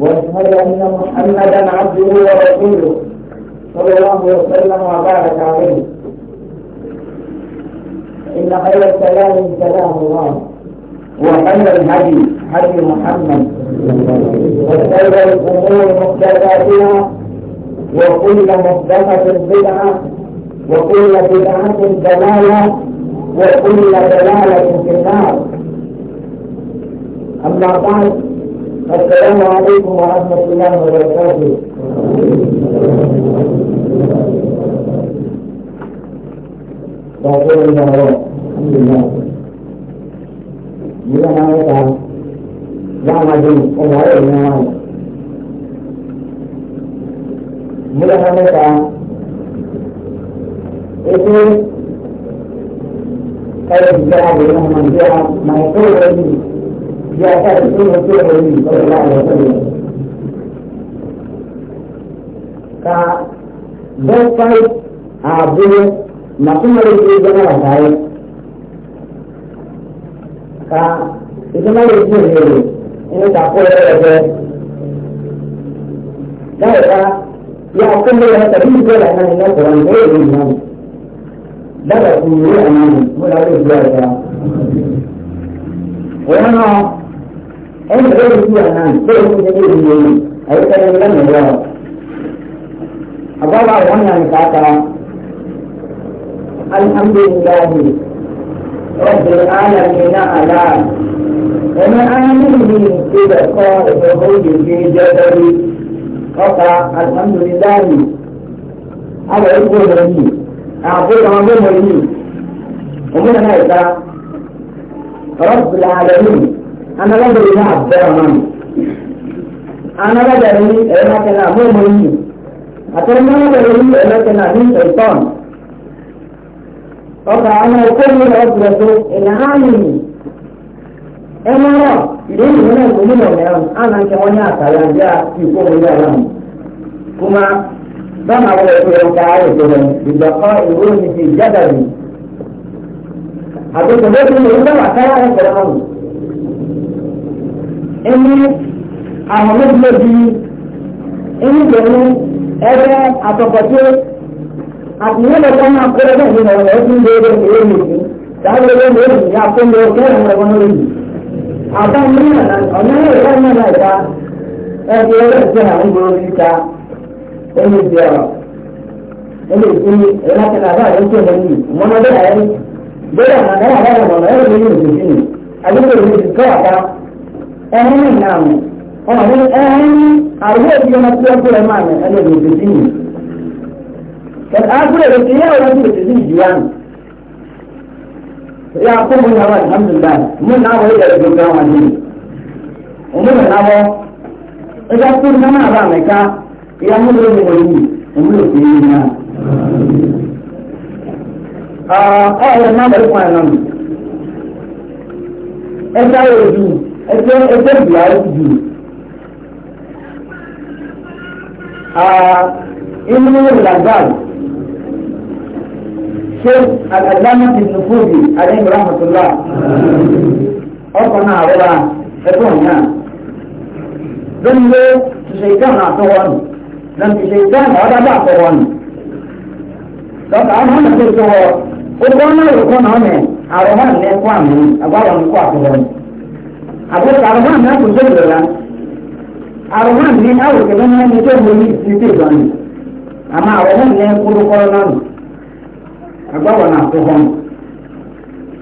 واشهد ان محمدا عبده ورسوله صلى الله وسلم وبارك عليه ان خير الكلام كلام الله وخير الهدي هدي محمد وخير الامور مختلفاتها وكل محدثه بدعه وكل بدعه دلالة وكل دلالة في النار اما بعد السلام عليكم ورحمة الله وبركاته Bapak Ibu Alhamdulillah. Bila mana tak, yang maju, orang lain yang maju. Bila mana tak, itu kalau bicara dengan manusia, mereka lebih جاء سنة النبي صلى الله عليه وسلم كبوكاي أبو نقمر الجنة وكاي كإجماع الجنة إنه تقول لك ذلك يحكم لها تبين كل أن الله قرآن غير الإيمان درسوا الإيمان ولا يجوز ذلك وأنا أنت غير فيها الآن غير في سبيل المؤمنين أي كلام لم يجاوب أبغى أغنى مساكرة الحمد لله رب العالمين على وما آمنه بلقاء الخروج في جدل قطع الحمد لله هذا يقول لي أعطيك مظلم لي ومن هذا رب العالمين أنا لا أدري إذا أبدأ أمامي أنا لا أدري إذا كان مو مريض أتمنى لا أدري إذا كان مين شيطان طبعا أنا كل الأسرة إلى عالمي أنا لا ليه هنا الأمور اليوم أنا كمان أتعلم جاء في كل اليوم كما بما هو يقول تعالى ببقاء الروح في جبل حضرتك لازم أنا لك أنا أعرف ẹni àwọn méjìlélógì ẹni pẹ̀lú ẹgbẹ́ àtọkọ̀tẹ́ àtìyẹ́ lọ́kọ́ máa kó ẹgbẹ́ ìlú ọ̀rọ̀ ẹ̀sìn lórí ìwé nìyí sáájú ìwé nìyí ní akóńdó kẹrin ọ̀rọ̀ lórí yìí. àbá mìíràn ọ̀nà ìwé náà náà ìta ẹgbẹ́ ẹgbẹ́ ìṣẹ́ àwọn ìgbòho ìta ẹni ti ọ̀rọ̀ ẹni ti ìlàkìlà bá àwọn ìṣẹ́ lẹ́yìn mọ́nà bẹ́ẹ̀ ẹ̀rín ní ìlànà ẹ̀rín àwọn èdè ọmọ tí wọ́n kúrẹ̀ máa mẹ́ ẹ̀lẹ́ ìlú bèbí ni àkúrẹ̀ rẹ̀ ti ìjì yánu ya kó mu náà wà alhamdulilayi mu náà wọ ilẹ̀ ìjọba ní ọmọ mi náà ẹgbẹ́ kó mu náà wà mẹ́ta ìyá ọmọ náà. náà bẹ̀rẹ̀ fún àyàn náà ẹgbẹ́ ẹgbẹ́ buhari jù inú lagal sheikh aladama ti nufubi alayhi rahmatulah ọkọ náà rọra ẹgbẹ́ wọn náà lónìí ló ṣiṣẹ́ ìdáhùn àtọwọ́ nù na ṣiṣẹ́ ìdáhùn ọ̀dàbà àtọwọ́ nù lọ́kà àwọn ọ̀nà tó tọwọ́ ó gbọ́n náà rò kọ́ náà ọ̀nà àrọ̀mọ́ nìkọ́ àmì àgbáwọ̀ nìkọ́ àtọwọ́ nù àbúrò àrùn náà kò jẹ́ ìrọ̀lá àrùn náà ní àwòrán ló ní ẹni tó mú ní títí ìdánù àmọ́ àwọn náà ní ẹnkúrú kọ́rọ́ náà nù àgbàwọ̀ náà kó hàn.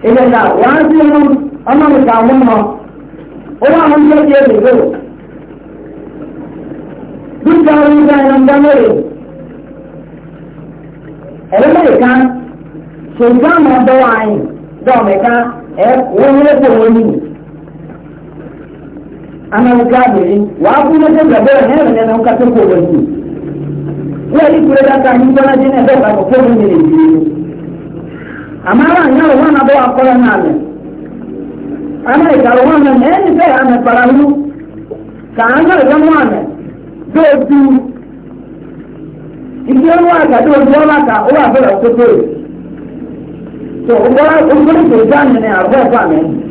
ilé náà wàá sí inú ọmọ mi kà wọ́n mọ́ owó àwọn tó ti èrè amal kabirin wa abu na jin ne ne na ka tuko wani ya kure da bana jin da ko ne ne amma ran ya na ba na ne amma ka wa na ne ne sai amma ka an ga ga mu ne do du ibi wa ka do du wa ka o wa ba ko to o wa o ko ni a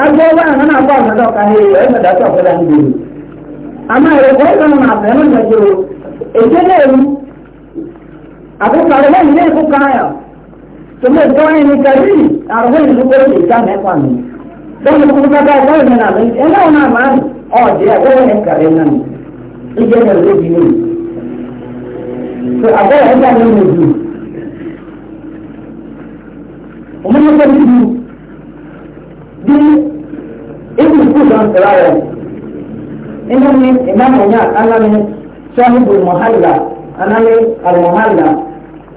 agbọ́wọ́ àwọn náà bọ́ ọ̀nà dọ́ka he ẹ̀ mẹ́ta tó ọ̀fẹ́dá ń gbèrú àmọ́ ẹ̀rọ̀kọ́ ìlànà náà fẹ́ ló ń yẹjọ́ èdè lẹ́rú àkókò àrùn lẹ́yìn lé ìkókò ayọ̀ tó lè tọ́ ẹ̀yìn ní kẹrí àrùn lẹ́yìn ló kọ́rọ́ ìjà mẹ́fà mi lọ́nà kókó káká ẹ̀kọ́ ìlànà náà lẹ́yìn ẹ̀ náà náà máa ọ̀dẹ́ àgbọ̀wọ́ ẹ̀ kàrẹ́ di lóyún ابن كوشن رأيه إنني إمام هناك أنا من صاحب المحلة أنا من المحلة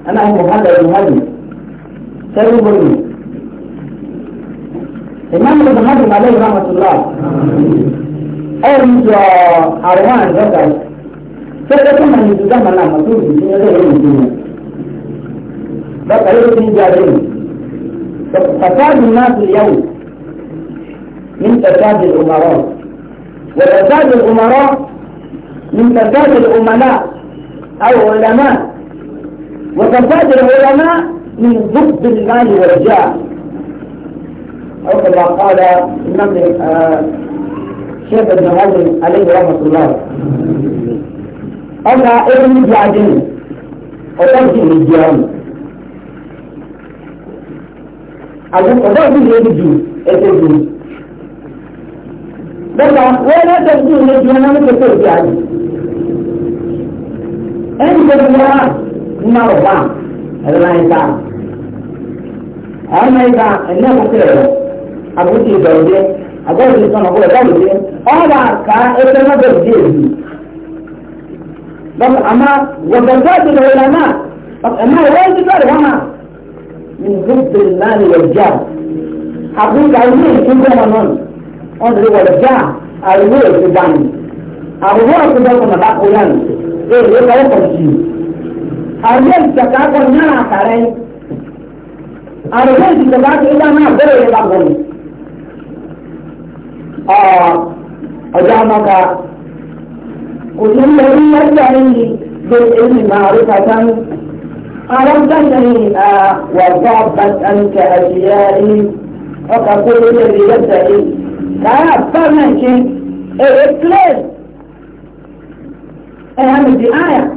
أنا المحلة المحلة صاحب المحلة إمام ابن حزم عليه رحمة الله أرمز أروان ذكر فإذا كنا نتجمع مع مسؤول في الدنيا غير الدنيا بقى يجب أن فساد الناس اليوم من فساد الأمراء وفساد الأمراء من فساد الأملاء أو علماء وفساد العلماء من ضد المال والجاه أو كما قال الإمام آه، شيخ ابن عمر عليه رحمة الله أنا ابن جعدين وتمشي للجيران أقول أضاف لي الجيل الجيل daga wani tafiye na juna muke so ki aji ɗan jami'a na rufa ranaita a ranaita ina kuka yau a kuke gauje a gauje sama kuka gauje ọba ka ita na gauje yi daga amma wadanda su da wulana amma wani ta da wana min gubbin lani wajen abin da yi ne kin gama nan wọ́n ti wọlé já àrùwé èsì dànù àrùwé ọ̀sẹ̀ dọ́kọ̀ nàbà kó yá nù èyí ló kọ́ kọ̀ sí i àrùwé ìjàkà kọ̀ náà àkàrẹ́ àrùwé ìjàkà kọ̀ yá náà bẹ̀rẹ̀ yẹn bá gbọ́n ọjà àmọ́ka kò sí ní ẹni mẹ́ta ẹni bẹ ẹni máa rí kàtà ní. ألم تنهي وضعفت أنك أشيائي وكقول الذي يدعي Kaya permanent a place. And have the ayah.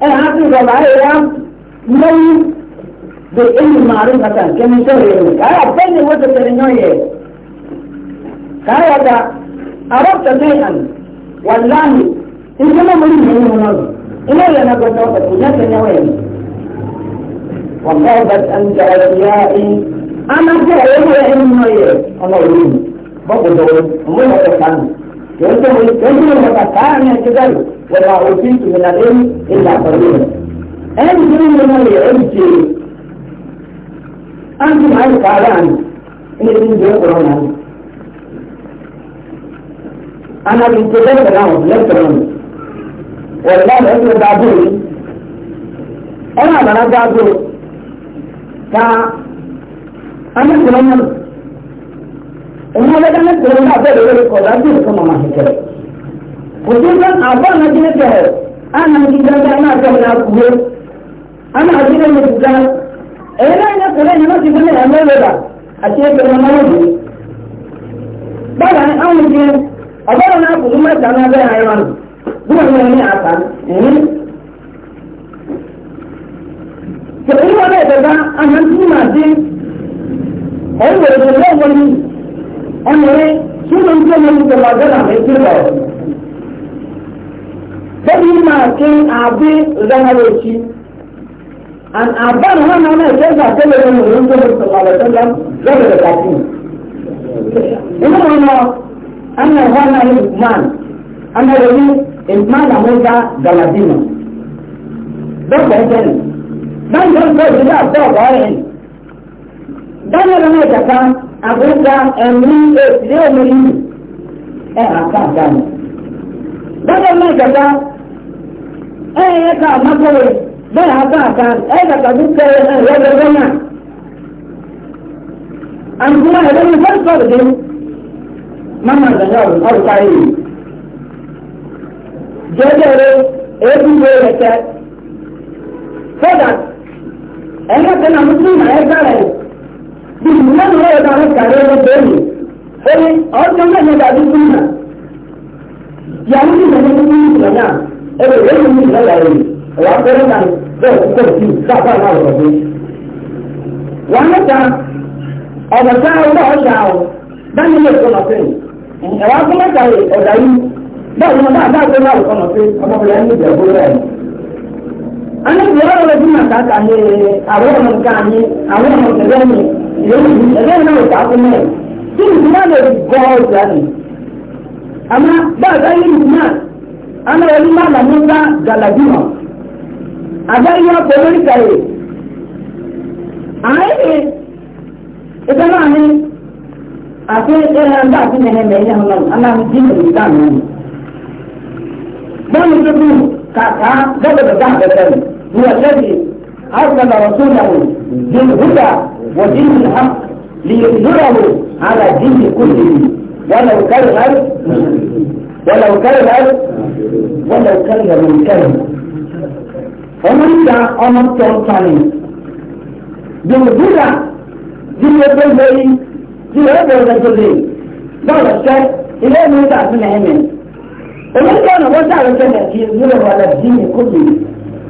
And have to go by around knowing the ilm ma'rifatan. Can you show you? Kaya permanent what the terenoye. Kaya da Arabta shay'an wallahi in kuma mun yi ne mun ina yana ga wata kunya ta yawa yanzu wallahi bas an ja'aliyai ana ta yawa yanzu ne Allah ya yi برضه دول الله يحفظك عنه يقول له يقول له تعالى من الجبل وما اوتيت من العلم الا قليلا انا بقول له ما يعلمش انتم عايز تعالى عني ان الدين بيقرا عني انا بنت لك انا لك انا والله العلم بعدوني انا بنادى بعدوني ف انا كمان उन्होंने घूमना फिर कमाना सीखे बुजुर्ग आपर नजरे क्या है अन हकीकत करना चाहिए आप हुए अन हकीकत में पूछा ऐसा इन्हें पूरे जमा सीखने में अंदर होगा अच्छे परिणाम होगी बड़ा है हम मुझे अगर ना घूमना जाना गया है मान दूर में आसान तो इन्होंने देखा अन हकीकत में और वो लोग बोली أنا شنو يمكن أن يكون مجالا من كله بدي ما كان أبي زمرتي أن أبان هنا أنا كذا كذا من رسول الله صلى الله عليه وسلم غير الكافين إنما أنا أنا هنا إدمان أنا رأي إدمان أمودا جلادينا ده بعدين ده ده ده ده ده بعدين ده أنا رأي كذا àbúrúkà ẹ̀mí èsìlé omi yìí ẹ̀ àká àdáni. Bọ́dọ̀ náà ìjọba ẹ̀ yẹ ká àmọ́kọ̀wé bẹ́ẹ̀ àká àká ẹ̀ kàkà tó kẹ́ ẹ̀ lọ́dọọdọ́ ọrụ Àǹtí náà ẹ̀rọ ní fẹ́ẹ́ sọ̀rọ̀ dé. Máma ìgbàgbọ́ ọ̀rọ̀ ebe yìí. Jẹ́jẹ́rẹ́ èébú gbé rẹ̀ tẹ́. Fọ́dà ẹ̀yẹ́ na náà na ya ìmọ̀ ẹ̀ nínú ọ̀rọ̀ bá wọn kàrí ọ̀rọ̀ bẹ́ẹ̀ni ó ní ọjọ́ mẹ́rin dàbí fún mi yàrá ní ìlànà ẹgbẹ́ náà ta fún mẹ́rin tí nìkan náà lè gbọ́ ọjà ni. àmọ́ bá a bá yé nìkan náà anáwọlé má nà múlá gàlàjì mọ́ àbáyé ọ̀pọ̀ lórí kàyè. àáyè ìgbà náà ni àti ẹ̀rọ ndá àti nìyẹn mẹ́rin náà lọ́nà aláàmì jí nìyẹn dá mi. bọ́ọ̀lù tuntun kàkà gbọ́dọ̀ bẹ̀ dá ni ọ̀ṣẹ́ bíi àwọn ọ̀ṣun náà wò ní ìhùdà. ودين الحق ليظهره على دين كل دين ولو كره ولو كره ولو كره من كره ومن دع أمر تلطاني بمجرد دين يبدلني دين يبدلني دين يبدلني دولة الشيء إلا من دع من عمين ومن كان وزع الجنة يظهره على دين كل دين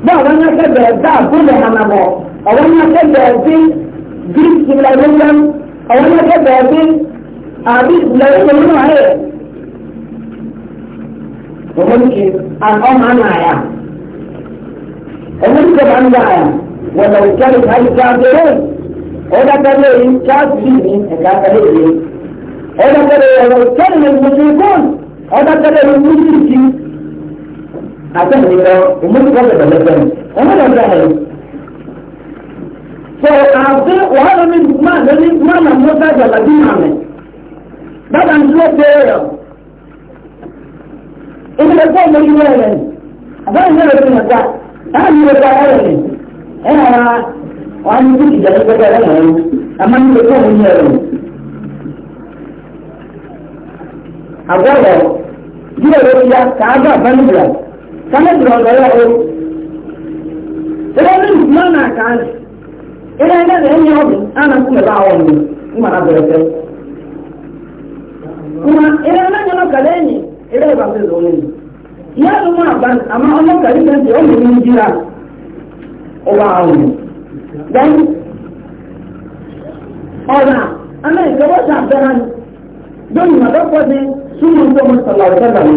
ما وانا كده دع كل همامه أو أنا كده دين Greek civilization और उनके भौतिक आदि civilization में आए Roman के आगाम आना आया रोमन के मान आया वो लड़कियां लिखाई क्या दे और अगर ये क्या भी नहीं क्या करेगी और अगर ये लड़कियां नहीं मुझे कौन और अगर ये मुझे की आता है तो उम्र का बदलता है उम्र होता है فأعطي وهذا من ما من ما من مدة الذين عمل بعد أن جلس تيرا إذا كان من يلا هذا من الذين جاء أنا من جاء يلا أنا وأنا كنت جالس جالس يلا أما من كان من يلا أقوله جلس يلا كعبة بنبلا كم يدرون ولا هو إذا من ما نعكس إلى أن هذا أني عظم أنا كم دعوني وما أدرك وما إلى أن أنا كلاني إلى أن أنا يا لما بان أما أنا كلاني في يوم من جيران أبا عوني دعوني ọ̀rà amẹ́ríkẹ́wọ́sà bẹ́rẹ̀ lórí mọ̀dọ́pọ̀ ní súnmọ́ tó mọ̀ sọ̀lọ̀sọ̀lọ̀ ní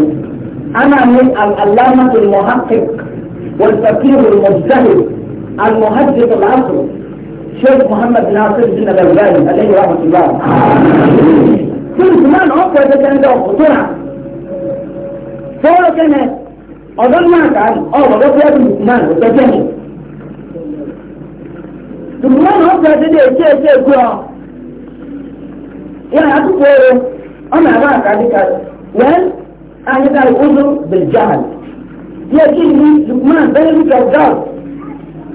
ana ní alámàtò mọ̀hákìk wọ̀lùfàkìrò mọ̀jáde almọ̀hájẹ́ tó láàbùrù شيخ محمد ناصر الدين الألباني عليه رحمة الله كل زمان أكثر ده كان ده خطورة فهو كان أظن ما تعال أه وضعت في ابن زمان وتجاني زمان أكثر ده ده شيء شيء كورا يعني أكو كورا أنا أراك عليك وين أعني ذلك أذر بالجهل يا جيني زمان بلدك الجهل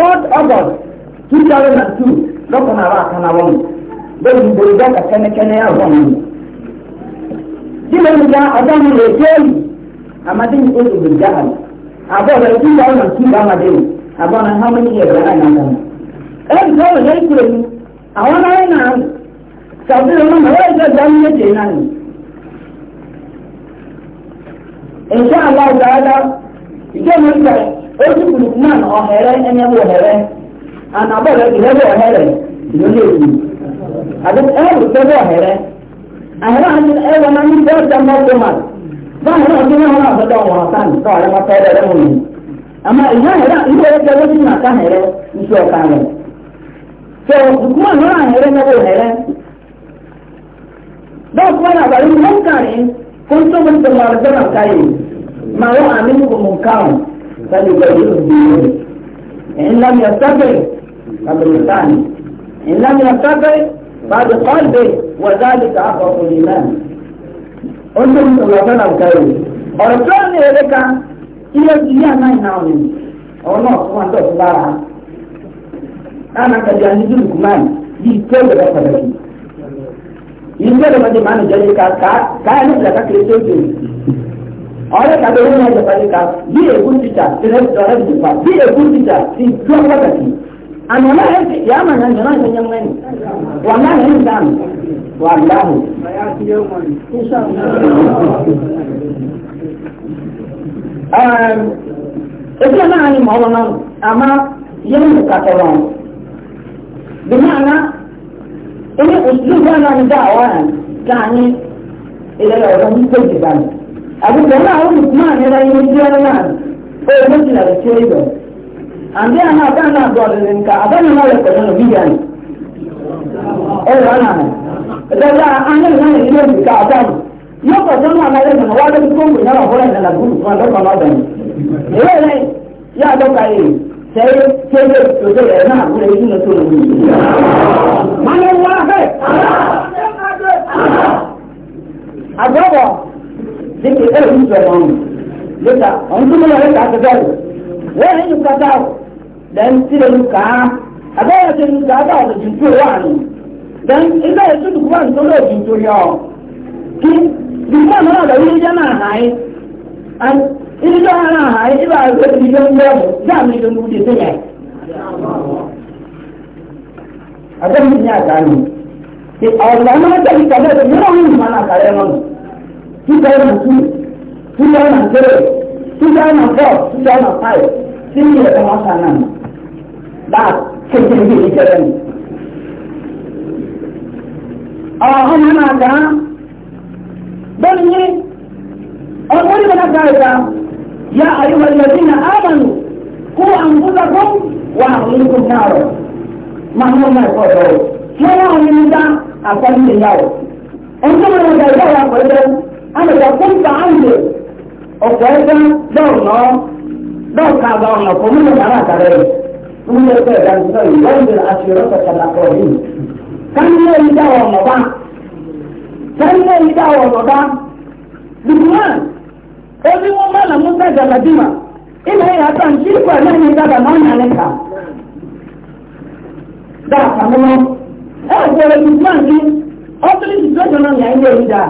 4th August 2002 lọ́kàn náà wà kánà wọ́n lórí ìgbòròdá kẹ̀kẹ́nẹ́kẹ́nẹ́ àwọn mi. Tí mo ń gba ọjọ́ mi lè jẹ́ èyí, àmàdé ní oṣù lè já àmì. Àbọ̀ rẹ̀ tí wọ́n nà sí àmàdé mi, àbọ̀ náà hàn mí yẹ̀ rẹ̀ náà nà. Ẹ̀rù tó wọ̀ lẹ́yìn kúrò mi, àwọn náà nà án. Sàbílẹ̀ mọ́ màá wọ́n ìjọ ìjọ mi méje náà nì. Ìṣẹ́ àlọ́ ìjọ ojú lukman ọ̀hẹ̀rẹ̀ ẹni ẹ̀wọ̀ ọ̀hẹ̀rẹ̀ àná abọ́lẹ̀ ìrẹ́wọ̀ ọ̀hẹ̀rẹ̀ ìlú èkó ẹ̀rù ìrẹ́wọ̀ ọ̀hẹ̀rẹ̀ àhẹ̀rẹ̀ àti ẹ̀wọ̀ náà ní bẹ́ẹ̀ dá mọ́tò mà báyìí náà bí wọn náà fẹ́ẹ́ wọn sàn tó àlẹ́ wọn fẹ́ẹ́ rẹ̀ àmọ́ ìyá ẹ̀rẹ́ ìlú ẹ̀rẹ́ wọ́n ti nà ká ẹ̀rẹ́ iṣu ọ̀ka rẹ̀ tó lukman náà ẹ̀rẹ́ ẹ̀wọ̀ ẹ̀rẹ́ bẹ́ẹ̀ fún ẹ̀rọ àbáyé mọ́kàrin fún tó mọ́tò mà rẹ̀ káyé mà wọ́n àmì sani gbẹdẹ ìdílé ẹn lami ọsẹbẹ kàbẹrẹ sáni ẹn lami ọsẹbẹ bàbá kọlbẹ wọdáàlì káfọ òlìlá ó ní ọmọ ọlọpàá náà kẹrù ọ̀rọ̀ tó ń lè rẹ ká ilé ilé àná ìná òní ọ̀rọ̀ náà fún wa tó fún bára náà kàdé àníjú lùkùmáì yìí tó lè rẹ pàtàkì yìí tó lè rẹ pàtàkì máa ń jẹ́ yìí ká ká ká ẹni fìlà ká kéré tó tó ọ̀rẹ́ kàdé wọn náà jẹ̀fà níka bí ègún títà tẹ̀lé tọ̀rẹ́ nípa bí ègún títà ti tó pàtàkì ànàmọ́ ẹ̀ ti yà máa nàìjọ náà ṣẹ̀yẹ mọ́ ẹ̀nì wà náà ẹ̀ ń dànù wà dáhùn. ebi ẹ̀ náà ni mọ̀ ọ́ náà àmọ́ yẹ́n mú kàtẹ́wọ̀ bí náà náà ilé òṣèlú wọn náà ń dá àwọn àyàn káàní ilé ọ̀rọ̀ ń pèjì báyìí. àbúkọ náà ó mú máa nira inú tí wọn náà ó mú jìnnà lè ṣe ibẹ àbí àná àbá náà bọ ọdún nǹkan àbá náà máa rẹpẹ nínú bíyà ni ẹ rọ náà ìdájọ àánú náà ní ilé ìdíkà àbá mi yóò pọ̀ sọ́nù àmàlẹ́ mi wá lórí kóńgò náà wọ́n rẹ̀ nàlà gúrù fún àdọ́kọ̀ náà bẹ̀rẹ̀ ìwé rẹ̀ yá àdọ́kọ̀ yìí sẹ́yìn kéde òjò rẹ̀ náà wọ́n rẹ̀ yín lọ́tọ́ lórí. máa ń wá bẹ́ẹ̀. àgbọ̀bọ̀ لكي ترى مش بيعمل لكي انتم اللي هيك عتبالوا ولا هيك بتاعه لان كده لكعه أبايا تنزع بعض الجنتور يعني لأن إذا يجدك بعض الجنتور جنتور يا كيف بالمعنى هذا إذا جمع هاي أن إذا جمع هاي إذا أردت بجنة جابه جامل جنتور دي سنة أدام من يا تعلم إيه، أولا ما تبي تبي تبي ما هو ما أنا كلامه two thousand two, two thousand three, two thousand four, two thousand five, sun yi da kamata nan ba cikin bi ita gani. A wani yana da don yi an wani da na gaida ya ayyuhar lalzina amanu ko an buga kun wa amulikun naro mahimman mai kwazo. Yawa wani da a kwanin yawo. An kuma da gaida ya kwazo ana da kun ta anje ọ̀pọ̀ ẹgbẹ́ dọ̀nà dọ̀ka dọ̀nà kò mú nàrà kàrẹ́ wọ́n yẹ kó ẹ̀dá nígbà yìí wọ́n yẹ aṣèrè kọ̀kọ̀lá kọ̀ yìí kánilé yìí dá wọ̀ nọ̀bá kánilé yìí dá wọ̀ nọ̀bá lùkùmán ó ní wọ́n mọ̀ nà musa galadima ilẹ̀ yà tà ń ṣí kọ̀ ẹ̀ lẹ́yìn dàgbà náà nyà ní kà dáa kàmúlọ́ ẹ̀ wọ̀rọ̀ lùkùmán ní ọ́fíìsì tó jọ náà nyà ń yẹ yìí dáa.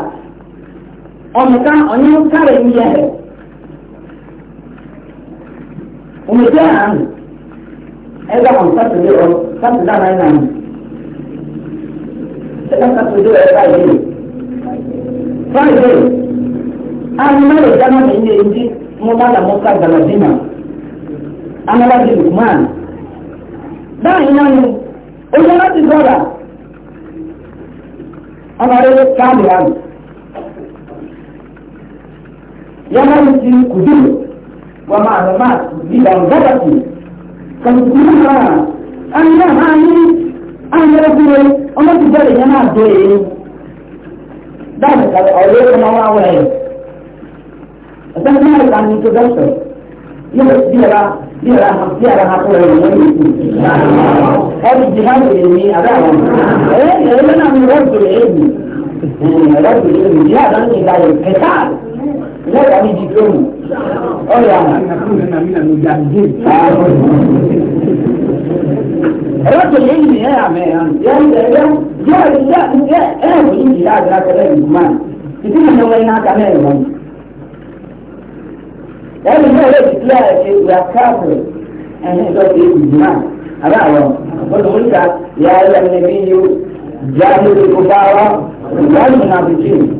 ọmọka ọnyẹ nkara ẹni yẹ hẹ ọmọdé àná ẹgbẹ àwọn sátidé ọ sátidé àná ẹnà mi ọ fáìdé fáìdé àwọn ọmọdé dáná mi ní ẹnjí يمرتي كدر ومعلومات بأنظرتي كالكلها أن هاي أن ربي أما تجري أنا أدري ذلك الأولي كما هو أولي أتمنى أن يتدرس يبس بيرا بيرا بيرا هقول لهم هذا الجهاد العلمي أداهم إيه أنا من رب العلم رب العلم جهاد أنت لا يقتال لا يعني جيتون أو يعني نكون هنا من المجاهدين رجل العلم يا عمي يعني جاء لله جاء أهل الإنجيل هذا كلام الإيمان يتم أنه وينعك عليه الإيمان يعني ما ليش لا يا كافر أنا قلت إيه الإيمان أنا قلت يا أيها النبي جاهد الكفار والمنافقين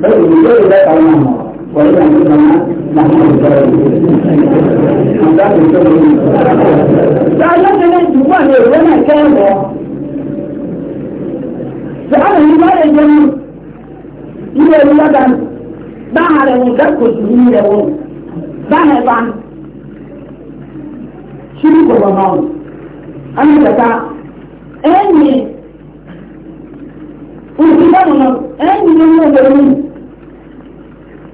بل بجوز لا تعلمه وإذا عندنا نحن تعلمنا الجوان وانا كان سأله ما يجمع إلى اللبن بعد أن تركز من يوم بعد أن شريك الله أنا بتاع أني Kursidan olan en önemli bölümün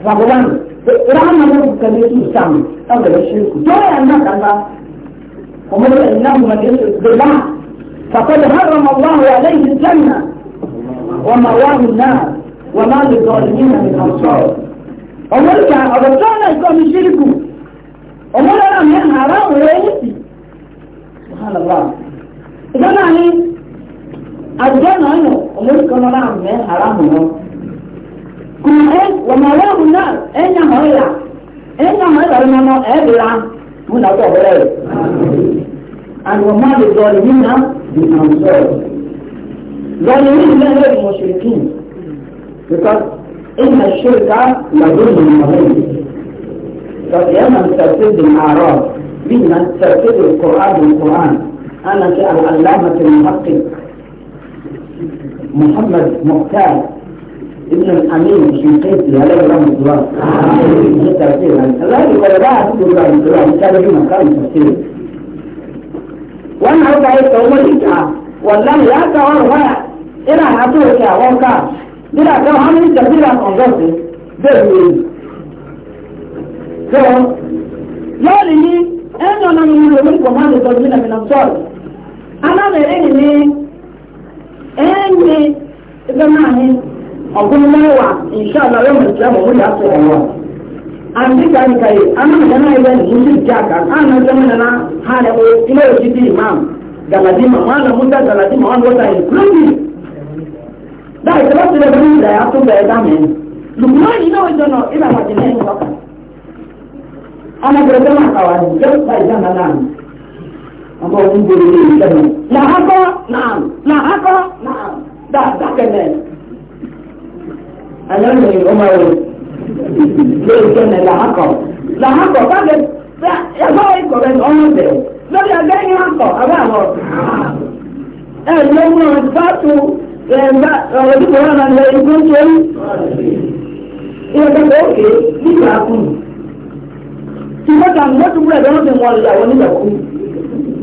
Rabban ve Kur'an'la bu kadar İslam Tanrı'ya şirk. Doğru إنه من يشرك بالله فقد حرم الله عليه الجنة ومأواه النار وما للظالمين من أنصار أمريكا أبطانا يكون يشركوا أمريكا من حرام ويأتي سبحان الله إذا يعني الجنة أنا أمريكا أنا نعم أنا حرام أنا كل إيه وما أنا النار إيه ما أنا إيه أنا هلا أنا ما أنا من أنا هلا أن وما أنا بالأنصار ظالمين لا أنا المشركين because إن أنا لظلم أنا طب أنا من أنا بالأعراض أنا تفسير القرآن بالقرآن أنا كالعلامة المحقق محمد مختار ابن الأمين الشنقيطي عليه رحمة الله عليه رحمه الله يقول لا الله عليه رحمة الله مش هذا جمع كان تفسير وأنا أرجع إلى يوم الإجعاء والله لا تغير ولا إلى حطوك يا وكا بلا كم عمل تفسير عن أنظرتي بهوين فهم يقول لي أنا من يقول لكم هذا من الأمصار أنا مريني ẹni ẹgbẹ́ náà ní ọ̀gbọ́n mẹ́wàá ìṣẹ́ ma ọ ya yà sọ ọ̀wọ́ àti kàríkà yìí anáàjẹ́ náà ẹgbẹ́ ní ṣe jẹ́ àkà anáàjẹ́ mẹ́rin na ha na ha ilé òjì imam galadima ma wọn lọ múta galadi ma wọn wọta yìí kúrẹ́bì dáì tẹ́lá àmọ́ ọdún gbòòrò ní ìlú sẹ́nu làákọ́ náà làákọ́ náà dáadáa kẹ́lẹ́ àyànnì ọmọ rẹ̀ lórí kẹ́lẹ́ làákọ́ làákọ́ káàkiri ẹ̀fọ́ ikọ̀ rẹ̀ ní ọmọ bẹ̀rẹ̀ lórí ẹgbẹ́ yín akọ̀ abẹ́ àwọn ẹ̀ lọ́mọ fásitì ẹ̀ńbà ọ̀rọ̀ tí mo rán náà lọ ikú ń ṣe ìrẹsẹ̀ òkè nígbà kùn ṣùgbọ́n kàmú lọ́tún búrẹ̀ lọ́wọ́ ti wọ́n lọ àwọn onígbà kùn.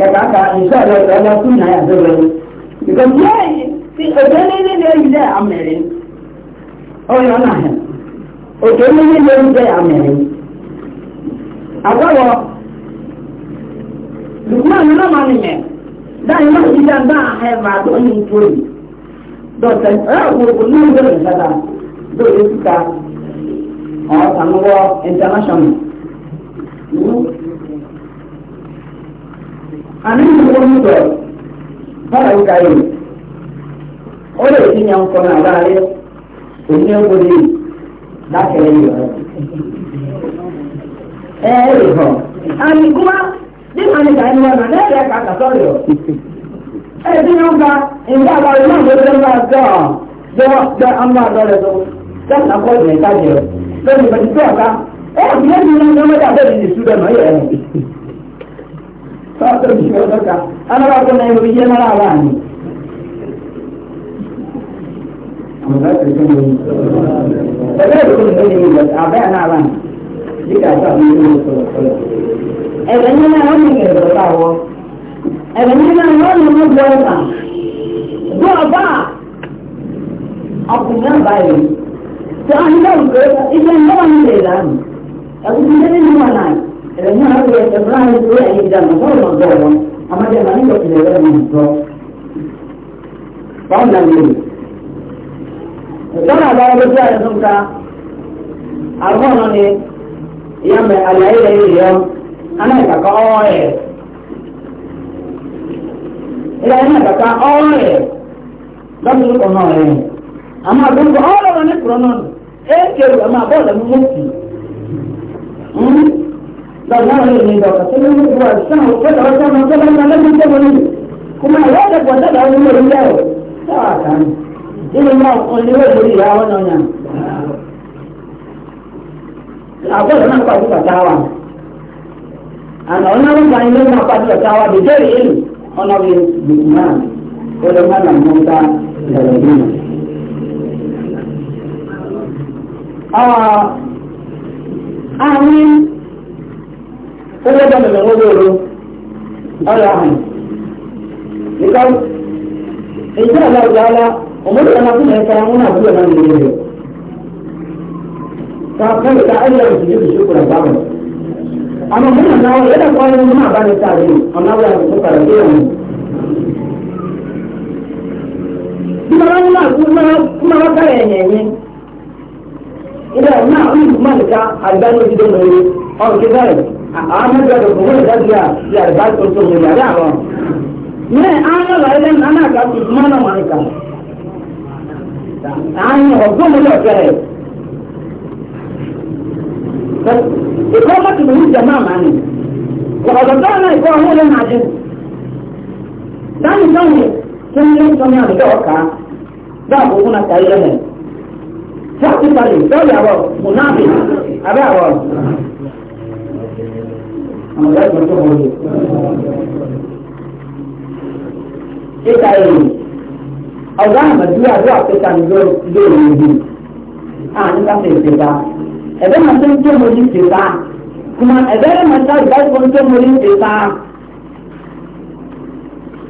kàkà kà ìṣe ọ̀dọ̀ ọ̀dọ̀ ọ̀dọ̀ fún náà yàtọ̀ lọ́wọ́ because yẹ́ ti ọ̀dọ̀ nílé lè yí dẹ́ àmẹ́rin ọ̀yọ́ náà hẹ̀ ọ̀dọ̀ nílé lè yí dẹ́ àmẹ́rin ndị lùkúmọ̀ nínú international àní ìwọ ní sọ̀rọ̀ bára ń ka yìí ó lè fi yan kọ́ náà anyị òní na eh, na dákẹ́lẹ́ ka rẹ̀ ẹ̀ ẹ̀ lè hàn àmì kúmá ní màá ní kàá ní dọọ dọọ lẹ́yìn dọọ dọọ dọọ ẹ̀ ti ka dọọ eh, dọọ tọ́tò ìṣe ọlọ́ka alábà tó náà ìwé iṣẹ́ náà wà ní. ẹgbẹ́ ìdókòwò ní ìlú ìgbà abẹ́ náà wà ní. dídà tó àwọn ìlú ìṣòro sọ̀rọ̀. ẹ̀rẹ̀ ní náà wọ́n ní ìrìn ìrọ̀lá wọ. ẹ̀rẹ̀ ní náà wọ́n ní mú bọ́ ẹ̀fà. bó ọba ọkùnrin náà báyìí. tí wọ́n ń bá òkè iṣẹ́ náà ń lè lánàá. ẹ̀kú ẹ̀rọ náà wọ́n yẹ ẹ̀rọ náà lórí ẹ̀yìn ìdáná wọ́n lọ bọ̀ wọn àmọ́dé máa nígbà tí ẹ̀rọ mi sọ. wọ́n nà lè ìtọ́nà àbáyọ ló fẹ́ àyẹ̀sọ́ nǹka àwọn ọ̀nà ni ìyá mẹ àlàyé rẹ̀ yìí yọ aná ìkàkà ọ̀ọ́ ẹ̀ ìyá aná ìkàkà ọ̀ọ́ ẹ̀ ظهره لدولته والشهر كذا وكذا وكذا ما لم يكن كما يجب وتدعو الى الله سواء كان إلى الله قل لوجه الله وانا نعم أقول أنا أقول لك تعوى أنا أنا أقول لك أنا أقول لك تعوى بغير علم أنا أقول لك بإيمان ولما لم نمتع لدينا آه آمين ụgwọ ọbụla na nwoke oro ọrịa ahụ nka nke ala ụgbọala ọmụrụ ya na-akwụ na ịta ahụ na abụọ na mmiri mmiri ka kọrị ka ayị ya bụ ihe bụchi kwara ba ahụ ama mụ na nawa ya na-akwa anyị mụ na-aba n'ịta adịghị ọ na-abụ ya bụ kwara ndị ya nwụ mmara nwụ na-akwụ mmara karịa enye enye ọ̀rọ̀ kẹtẹ́rẹ̀ àwọn mẹ́jọ tó kò wọlé dájú yà rẹ̀ bá tó tó wọlé àrẹ àwọn. ní àwọn ọ̀rọ̀ ẹlẹ́n náà ká tó tó mọ́nà wọn kà. àwọn ọ̀gbọ́n mi lọ kẹrẹ̀. ìkọ́ mọ́tò mi jẹ máa máa nì. ọ̀dọ̀ tó náà ìkọ́ ọ̀hún ló máa jẹ. dáhùn dáhùn tó ń lé sọmi àbújá ọ̀ka dáàbò òun náà kàrí lẹ́lẹ̀. fọ́ọ̀tì parí sọ́ọ̀lì àwọ̀ mùnáàbì àbẹ́ àwọ̀ ọ̀dọ́ tó tó wọlé. Kíkà èrò ọ̀gá àmàdúrà ló àpẹta ní lóòrè ìlú. À nípa ṣe ìṣèlá. Ẹ̀bẹ́ máa tó ń tó mo ní ìṣèlá. Kùmà ẹ̀bẹ́ rẹ̀ máa tó ìdájọ́ ń tó mo ní ìṣèlá.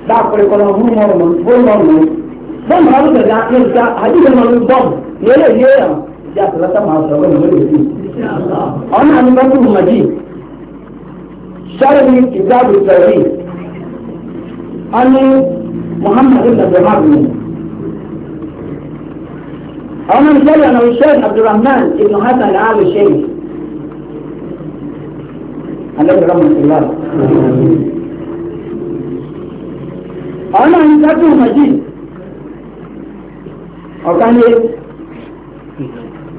Dáàpẹ̀rẹ̀ kọ́nà ọ̀hún mọ̀ ọ̀nà bóyá ọ̀nà. Bọ́ọ̀mù ọ̀rọ̀ tẹ̀lé àtúntà àdúgbò náà ló bọ́ọ̀mù. Yẹ́lẹ̀ yẹ́ ọ̀nà àti àtàlátà máa sọ̀rọ̀ ìwé ìwé. Ọ̀nà àníbàkú شرعي كتاب التوحيد أنا محمد بن جمال أنا مثلا أنا الشيخ عبد الرحمن بن حسن العالي الشيخ الذي رحمه الله أنا انتبه مجيد وكان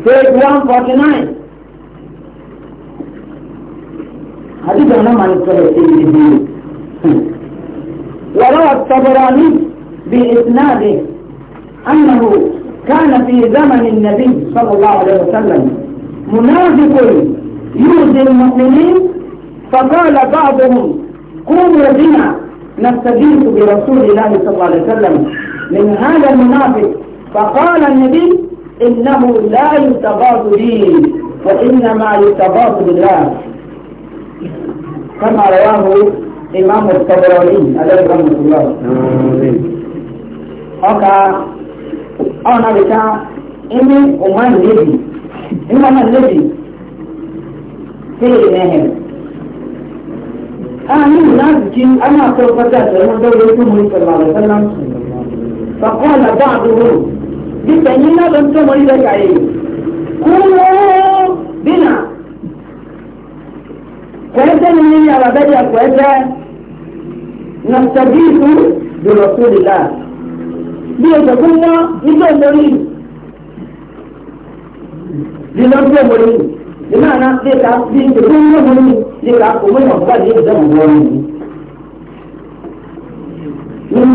149 حديث أنا وروى الطبراني بإسناده أنه كان في زمن النبي صلى الله عليه وسلم منافق يؤذي المؤمنين فقال بعضهم قوموا بنا نستجيب برسول الله صلى الله عليه وسلم من هذا المنافق فقال النبي إنه لا يتغاض لي وإنما يتغاض بالله كما رواه إمام الطبراني عليه رحمة الله أوكا أنا بتاع إني أمان ليبي إني أمان ليبي في نهر أنا ناجي أنا أتوقع أن دولة محمد صلى الله عليه وسلم فقال بعضهم بالتنين لم تمر لك عليه كلوا بنا kuweza ni nini ababeli ya kuweza nastajibu birasulillah ndio itakuwa ndio mwalimu linamjua mwalimu bimaana lika litakuwa mwalimu lika kumwema kubali hiyo jambo mwalimu من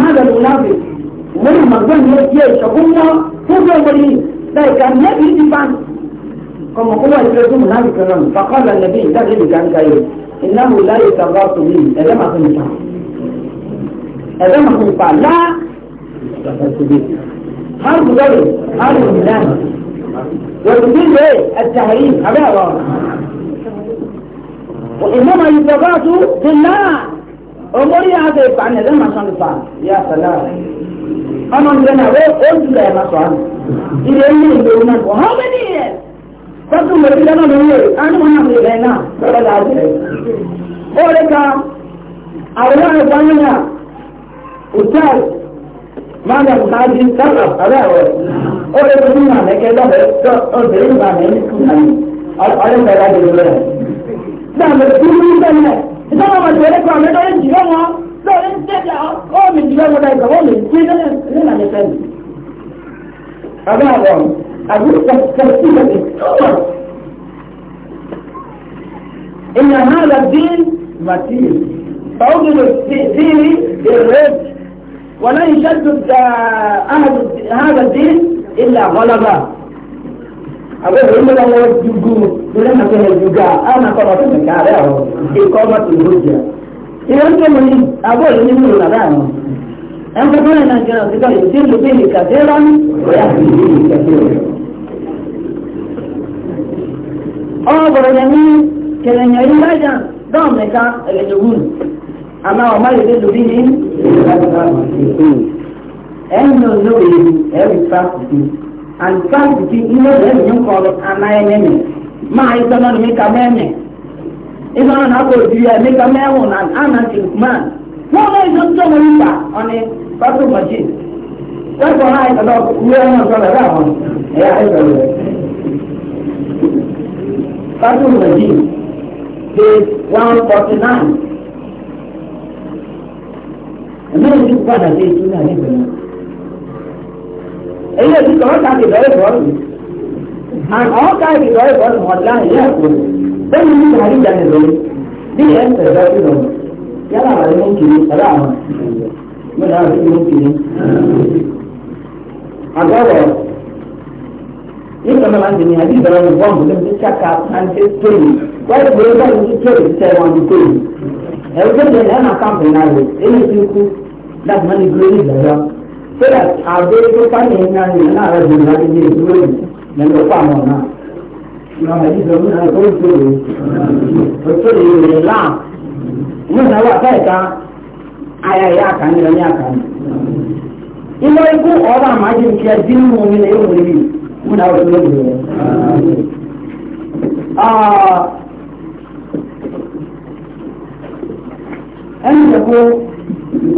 كما هو يترجم نام كلام فقال النبي لا غير كان كاي إنه لا يتغاط مني هذا ما كنت هذا ما كنت لا حرب مدرس حرب مدرس والمدير ايه التحريم أبا وإنما يتغاط بالله أمري هذا يبقى عن هذا ما كنت يا سلام أنا من جنابه قلت له ما صار إذا إني يقولون how many years sọ́tù mẹ́tìlẹ́ náà ló ń wẹ̀ ánú wọn àmì ilẹ̀ náà lọ́wọ́ láàbù rẹ̀. ó lè ka àwòrán ẹ̀gbọ́n yẹn náà òtẹ́ẹ̀lì máa ń yàtọ̀ sáájú sábà àbẹ́ àwọ̀ ó lè tó nínú àmẹ́kẹ́ lọ́bẹ̀ẹ́ tó ọ̀bẹ̀rẹ̀ ìgbà mẹ́rin kù náà ọ̀rẹ́ fẹ́ láti lọ rẹ̀. náà lè fi mú bẹ́ẹ̀ ìtọ́wọ́ wọn tẹ̀lé kan àmì lọ́rẹ́ jìlọ wọn lọ́rẹ́ tẹ̀lé ọ́ mi jìlọ wọn láì أبوك تركيبة إن هذا الدين متين فأضل الدين بالرد ولا يشدد أهل هذا الدين إلا غلبة لك أنا أقول لك أنا أقول لك أنا أقول أقول أقول أقول أقول أقول أقول أقول أقول أقول أقول أقول أقول أقول لك لك لك لك لك لك لك لك لك لك لك لك لك لك أنا أنا أنا أنا أنا أنا أنا أنا أنا أنا أنا أنا أنا أنا طرف المكارع إقامة الهجة إذا أنت من أبوه إني من الأدام أنت كنا نجرى الزكاة يجل به كثيرا ويحمي به كثيرا ọgbọ̀rọ̀ yẹn ní kẹrẹ̀yẹ̀ yìí lájà dáhùn mẹ́ta ẹ̀lẹ́dọ̀gún àmà ọmọ yìí lórí ní ẹ̀yìn olóòrè ẹ̀rì fásitì and fásitì ilé ẹ̀rì ń kọ́ àná ẹ̀mẹ́mẹ́ máa ìtọ́ náà mi ka mẹ́mẹ́ ìtọ́ náà náà kò ju ẹ̀ mi ka mẹ́wọ̀n náà àná ti man wọ́n náà ìtọ́ tó wọ́n nípa ọ̀nẹ́ fásitì mọ̀jì lẹ́kọ̀ọ́ náà ìtọ́ náà kúrẹ́ náà sọ̀rọ̀ Fatul Majid, page 149. Ẹ̀mí ìlú padà dé ìtura níbẹ̀ náà. Èyí lè fi sọ̀rọ̀ ká kìlọ̀ ẹ̀ bọ́ọ̀lù. And àwọn ká kìlọ̀ ẹ̀ bọ́ọ̀lù wọn lá ìyá àpò. Bẹ́ẹ̀ni ní ìhàrí ìjà nìlọ yìí, bí ẹ̀ ń tẹ̀lé ọdún lọ. Yálà àwọn ẹni ń kiri pẹ̀lú àwọn. Mọ̀lá ń kiri. Àgọ́rọ̀ nígbà náà láti ní àti ìbẹ̀rẹ̀ ní wọ́n bùdó ní ṣàkà àti tóyì wọ́n ti bèrè báyìí ní tóyì tẹ̀ wọ́n ní tóyì. ẹ̀rọ tó tẹ̀lé ẹ̀ náà kàmpẹ̀ náà rẹ̀ èyí ti kú láti máa ní gbé ní ìbẹ̀rẹ̀ sódà àbẹ̀ tó fáyé ní náà ní náà rẹ̀ bèrè láti ní ìdúró yìí lẹ́nu ọ̀pá àmọ̀ náà. ìwọ̀n àti ìbẹ̀rẹ̀ náà tó ń tóyì ó náà wà fẹ́ẹ̀ ní àkànní. ilé ikú ọ̀rọ̀ àmájú من أول يوم آه أن تكون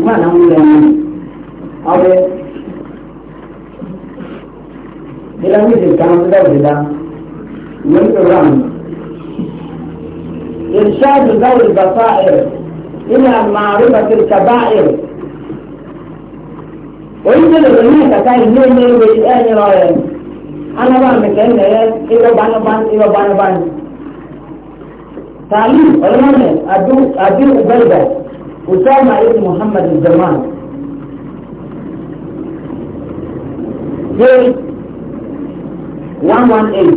ما نقول أو إيه؟ إلى مثل كان دولة من الرمل إرشاد ذوي البصائر إلى معرفة الكبائر وإذا لم يكن كان يوم يوم يوم anaba mẹkẹn nẹyẹ ẹyọ banaban ẹyọ banaban taali ọlọmọdé adu adu ubaida usama ibn muhammad zaman page one one eight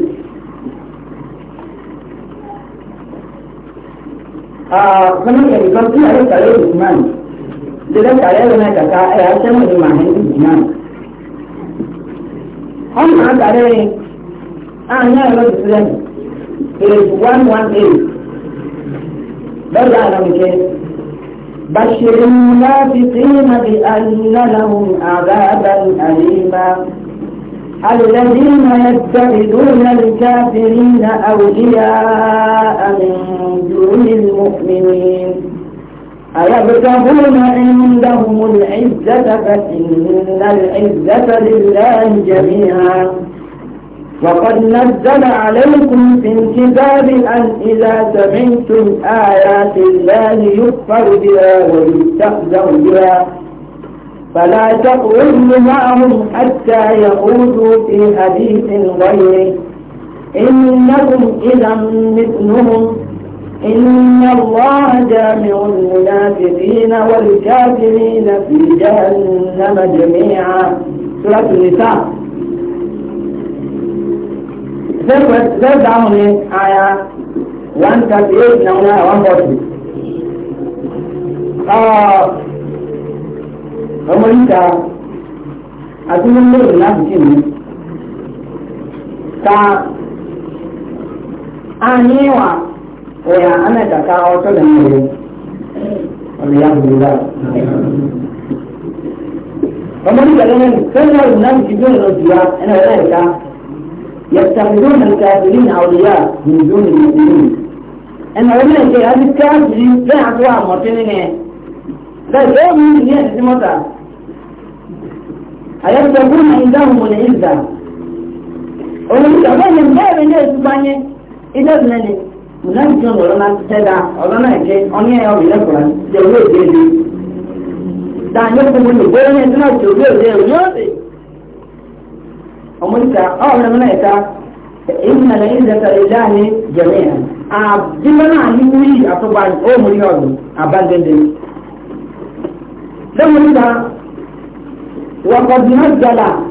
kuma yẹ nìkan tí a yẹ kàlẹ́ ìsúná yìí dídá kàlẹ́ ìsúná kàkà ẹ̀ ẹ́ sẹ́wọ̀n ní màá hẹ́ ìsúná yìí. هم عند عليه أنا رد السلام is 118 برد على مكان بشر المنافقين بأن لهم عذابا أليما الذين يتخذون الكافرين أولياء من دون المؤمنين أيبتغون عندهم العزة فإن العزة لله جميعا وقد نزل عليكم في الكتاب أن إذا سمعتم آيات الله يكفر بها ويستهزأ بها فلا تقعدوا معهم حتى يخوضوا في حديث غيره إنكم إذا مثلهم إن الله جامع المنافقين والكافرين في جهنم جميعا سورة النساء زرد عمي آية 138 نونا 140 أمريكا أقول لهم لا ya, oya ana ka ka ọtọ na mmiri ọmọ ya bụ ụra ọmọ ní gbàgbé náà fẹ́ẹ́ náà nà ní ìdúró lọ sí ya ẹnna ẹ̀rọ ẹ̀ka yàtàkùrú nà ní káfírí nà ọ̀lẹ́yà ní ìdúró nà ìdúró ẹnna ẹ̀rọ ẹ̀ka yà ní káfírí bẹ́ẹ̀ àtọ́ àmọ̀tí nínú ẹ̀ bẹ́ẹ̀ bẹ́ẹ̀ mú ní ẹ̀ sí mọ́tà àyàtàkùrú nà ìdáhùn mọ̀ ní ìdá òun ní gbàgbé náà bẹ́ẹ̀ mùsàlùmí tí ọ̀dọ̀ náà ti tẹ́lá ọ̀dọ̀ náà ké ọ̀ní ẹ̀yọ́ mi lẹ́kọ̀ọ́ ti owó èdè èdè dáadé fún mi nìgbó ní ẹ̀dínà ti owó èdè èdè yóò dé ni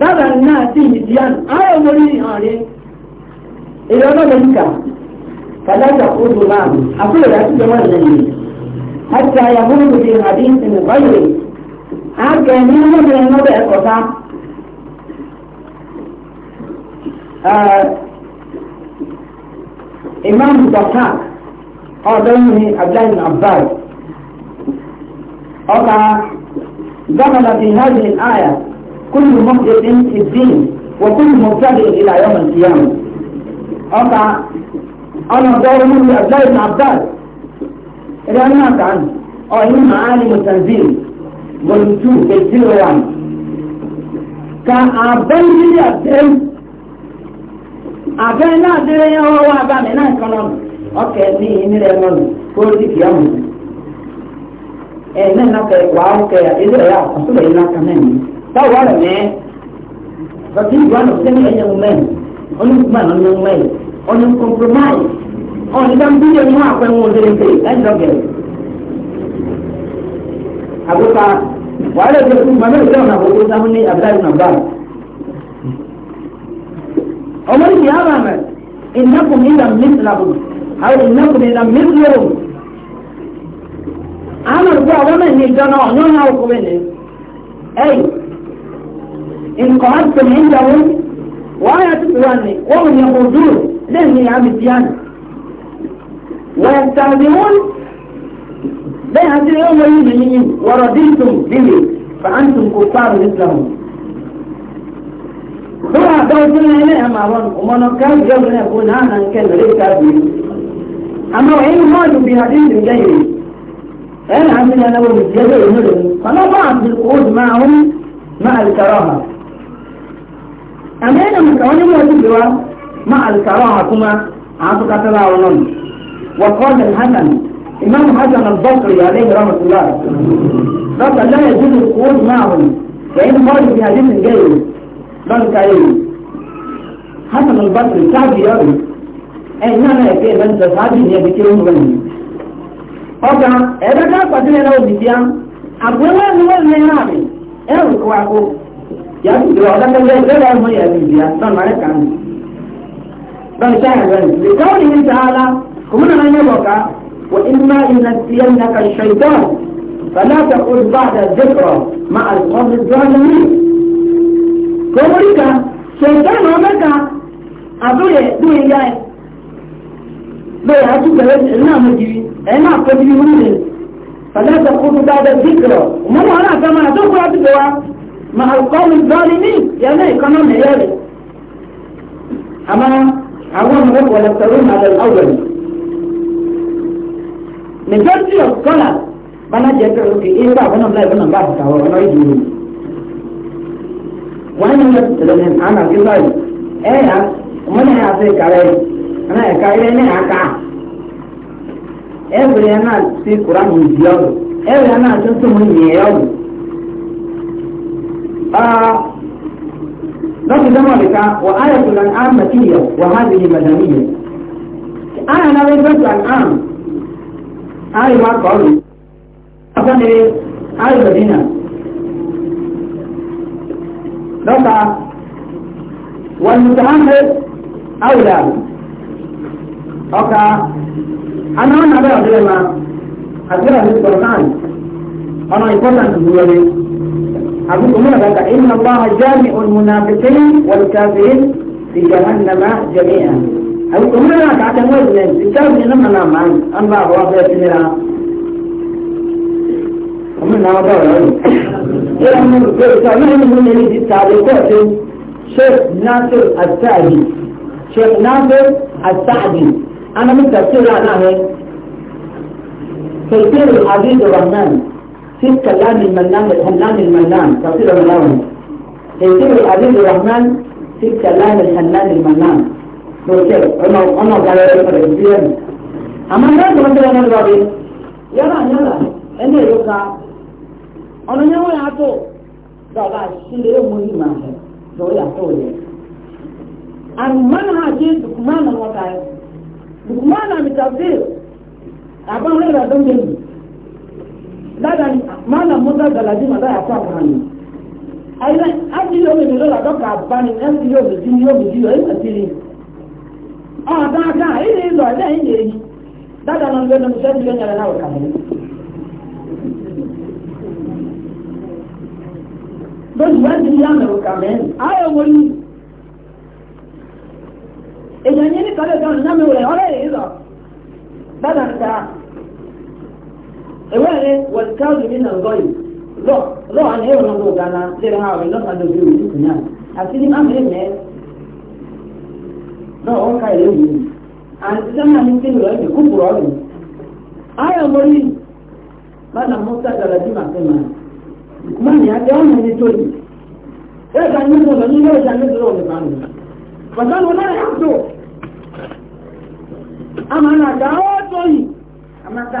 lára náà sí ìdíyàn ayọ̀ mórí ààrẹ èrè ọlọ́mọdéka fàdájà oògùn náà imam abbas كل مبدع في الدين وكل مبتدع إلى يوم القيامة أقع أنا دور من عبد الله بن عباس إذا أنا عنه أو إنما عالم التنزيل والنسوخ بالسر يعني كأبين لي أبين أبين لا أدري هو أبين لا يكلم أوكي ني إني لا يكلم كل ذي يوم إيه نحن كواو كيا إذا يا أصلا إلا كمان táwọn ọ̀rọ̀ yẹn bàtí ìgbàanà sẹ́ni ẹ̀yẹ ọmọmẹ́yìn onígbàanà ọmọ ọmọmẹ́yìn ọ̀nà compromise ọ̀nà ìgbà bílíọ̀ ní wọn àpẹẹrẹ wọn lórí pé ẹ̀ńdọ̀gẹ̀rẹ̀. àgùkà wàhálà ìgbà fún mamẹ́ ìgbà ọ̀nà àkókò sáwọn ní abdul nàbà. ọmọ ìdí àwọn àmẹ ìnákùn ìlà mísìlàbù àwọn ìnákùn ìlà mísìlàbù. àwọn àgbà ọmọ ìní ìjọ náà ọ̀nyọ́ إن من عندهم وآية تتواني وهم يخرجون لأني عم الديانة ويستعذرون بها اليوم يجنين ورضيتم به فأنتم كفار مثلهم دعا دوتنا إليها معهم ومن كان جبنا يكون هانا كان ليس أبيه أما وإن ماتوا بحديث غيره أنا عمنا نقول الجزء فما فنضعت بالقعود معهم مع الكرامة amma yana muka wani mutum da ma alkaraha kuma a bukatar wannan wa qala al-hasan imam hasan al-basri alayhi rahmatullah ذاك لا يجوز الخروج معهم فإن خرج في حديث جيد بل كريم حسن البصري سعدي يروي أي نعم يا كيف أنت سعدي هي بكير مغني أوكا إذا كان قد لنا وبيتيان أقول لنا نقول لنا نعمل إيه وكواكو لقوله تعالى كمنا من يبقى وإما إن نسينك الشيطان فلا تقول بعد الذكر هناك القوم الظالمين كمريكا شيطان ومكا أقول دوي جاي بي أتوك لنا مجيب أنا أقول هناك تقول بعد الذكر ومنا أنا كمان أتوك ما القوم الظالمين يعني كمان هيالي أما عوام رب ولا ترون على الأول نجرتي الصلاة بنا جدعوك إيسا بنا بلا بنا بلا تهوى بنا يجيوني وأنا لهم أنا في ظالم إيه ومن هيعطيك عليه أنا كايلين أكا إيه بلي أنا في قرآن يجيوني إيه بلي أنا تنسوا من يجيوني آه، نفس ذلك وآية الأنعام مكية وهذه مدنية آية نبي بس الأنعام آية ما قالوا أصلا آية مدينة نقع والمتعمد أولى أوكا أنا أنا أبي أقول ما أقول هذا القرآن أنا يقول لك أقول بقى إن الله جامع المنافقين والكافرين في جهنم جميعا أقول لك أتمنى أن الكافرين نام عن الله واضح سنرا ومن نام دور لأنه يسألون من الذي التعليقات شيخ ناصر السعدي شيخ ناصر السعدي أنا من تفسير عنه تفسير العزيز الرحمن في كلام المنان الحنان المنان تفسير المناوي تفسير العزيز الرحمن في كلام الحنان المنان نوكر أنا أنا ضايع الفرنسيين أما لا تقول أنا الرابي يلا يلا أنا يوكا أنا نوي أتو دابا شيء مهم دوي أتو لي أن من هاجي دكمان وتاي دكمان من تفسير أبغى غير أدمي dada mana musa galadi ma daya fa ko hanu ayla abdi yo mi lola do ka bani en yo mi di yo mi di yo en tiri ah da ka ile lo da en ye dada non be no musa di ganya na ka ni don wa di ya na ka men ayo mo ni e ya ni ka le don na me ole ole izo dada ka ewere wọlkazu mi na ngọyi lọ a na-ewe na ngọga na dịrị ha ọrụ lọta dozi oyi tupu ya asị ni ama eme na ka ile ewu and sị na ndị ụlọ ebe kwupụrụ ọrụ ayọ mori na musa gara di ma sị ma mmanụ ya dị ọnụ ndị toyi e ga anyị ụlọ n'ime ụja ndị ụlọ ọdịba ndụ pọtara ụlọ ya ndụ ama na ga ọ toyi amaka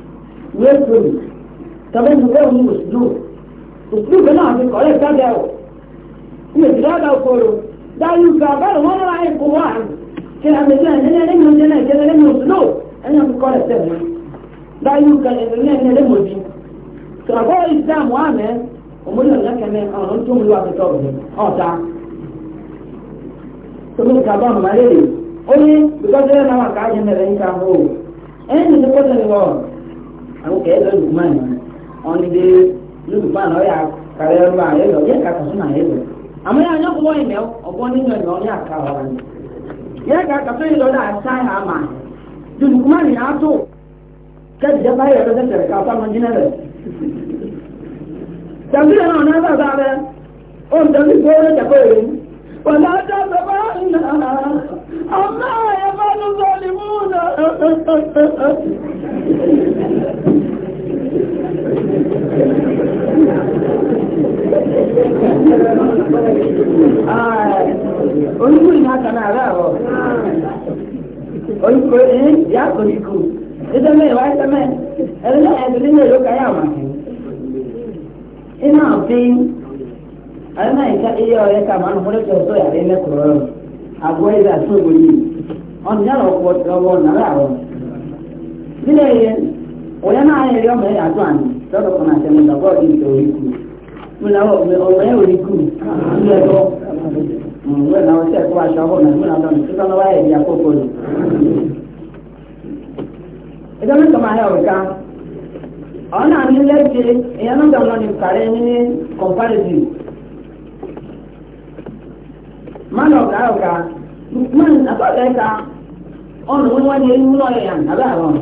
ويركل كمان مجاهم اسلوب اسلوب هنا في القرية تابعه يتابع كله ده يكابر وانا معي واحد كده مثلا هنا لم هنا كده لم اسلوب انا في القرية تابعه ده يكابر هنا هنا لم دي فأبوه الإسلام وعمل ومولي الله كمان أنا قلتهم الوقت طبعا اه تعال تقول كابان مالي قولي بقدر انا ما قاعد هنا لانك عمرو ايه اللي تقدر الوقت àwọn kẹ̀yẹ́ lọ wọn ni dé lùkùmá náà yà kàrẹ́ ọba àyè lọ yẹ kàkà sún àyè lọ àmọ́ yà nyọ́kọ̀ wọ́n ìmẹ̀ ọ̀bọ nínú ẹ̀mẹ̀ ọ̀nyà kà ọ̀rọ̀ ni yẹ kàkà sún ìlọ náà sá yà má lùkùmá ni yà tó kẹ́ẹ̀dì jẹ́ báyìí ẹ̀rọ tẹ̀sẹ̀ bàbá bá ń Ah, onígbò iná kan náà ráàrọ̀ onígbò ẹ̀yìn ìyá kò ní kú ẹ̀dẹ́mẹ́ ìwà ẹ̀dẹ́mẹ́ ẹ̀dẹ́mẹ́ ẹ̀dẹ́mẹ́ ní ìlú kayá wà iná òfin ẹ̀dẹ́mẹ́ ìka iye ọ̀rẹ́ ká máa ń fún ẹ̀kọ́ tó yàrá ilẹ̀ kọ̀ọ̀rọ̀ àgọ́ ẹ̀dẹ́ àti ògbóni ọ̀nìyàn ọ̀pọ̀ ọ̀nà ráàrọ̀ nílẹ̀ yẹn. onye na-anya eri ọmụ ya atụ anyị sọdọkọ na asem ụlọ bọọdụ nke oriku mụlawa ọmụ ọmụ ya oriku mmekọ mgbe na ọsị ẹkọ ọhụrụ na mụ na ọdọ nchịkọ na waya ebi akọ okoro ịdọ mmekọ ma ọrụka ọ na-amị nlekye ya n'ọdọ nọ n'ịkarị ihe kọmparativ Mmadụ ọka ọka mmanụ akọ ọka ọnụ nwa na-ewu ụlọ ya na baa ọnụ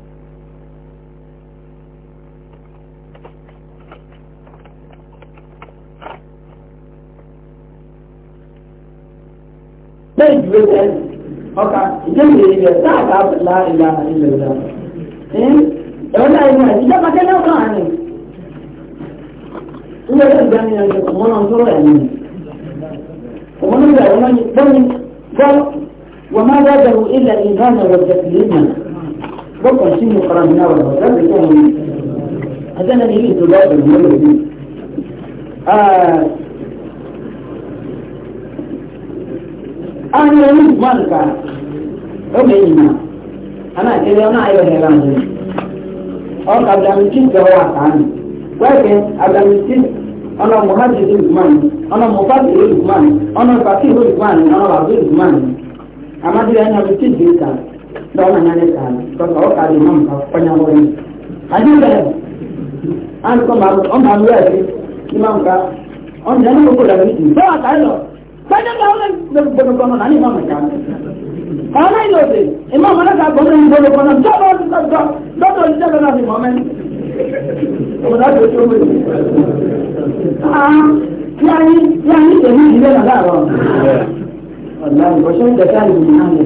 sai juye da yanzu haka idan da ya za a kafa la'ila a yin da da wani ayi mai idan maka na kan hannun ina da gani na da kuma nan zuwa yanzu kuma nan da wani bani ko wa ma za da illa iman wa taklima bakon shi ne karamina wa ba da kuma a sanar da yin to da wani a àwọn ẹni ìgbà nìka oge ìyìnà àná ìṣẹlẹ ọ̀nà ayọ̀ ẹ̀rọ àjẹ ọkà abdulhamid gbọwọ àkàánì wẹ́ẹ̀kẹ́ abdulhamid ọ̀nà muhammed olùkùmáàni ọ̀nà mufasi olùkùmáàni ọ̀nà fati olùkùmáàni ọ̀nà wàbí olùkùmáàni amadúlẹ̀ ẹ̀yìn abdulhamid ti gbé ta lọ́wọ́ náà ní kàánì kọ́kọ́ ọkà lè mọ̀ nǹkan Ka Bẹ́ẹ̀ni ọ̀la gbọdọ̀gbọ̀n náà ní ìmọ̀ mẹ́ta. Àwọn náà yóò dé, ìmọ̀ mọ̀ náà ká gbọdọ̀ ní gbọdọ̀gbọ̀n náà jọ́ lọ́dún sọ́dọ̀ lọ́dún ìjẹ́ lọ́dún àti mọ̀ mẹ́rin. Ọ̀dà tó tó wẹ̀. Yáyí yáyí èmi ìdílé náà láàárọ̀. Ọ̀la ìbọ̀ṣẹ́ ń tẹ̀sán ìlú náà ni.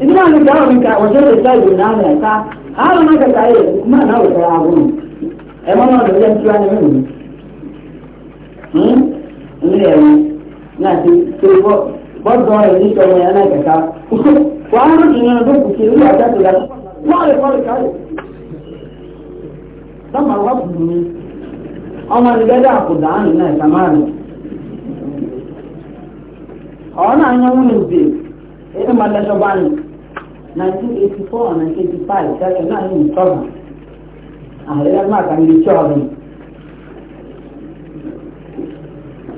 Ìdílé àmì ìgbà òmìn ká ọ̀ṣẹ́ tẹ̀sán ìlú náà ni ẹ̀ka. Àwọn náà kẹta yẹ nílẹ̀ ẹ̀rọ náà ti ṣe bọ́dọ̀ ẹ̀ ní sọmọ ẹ̀ náà kẹta wàá rò ìyẹn ọdún kù sí ìlú àjàtò láti wọ́ọ̀rẹ̀ wọ́ọ̀rẹ̀ káyọ̀ sọ́mà wà bùrù mi ọmọ ìgbẹ́dẹ́ àkùdà ánì rẹ̀ náà yẹn wúni ìdè máa bá ní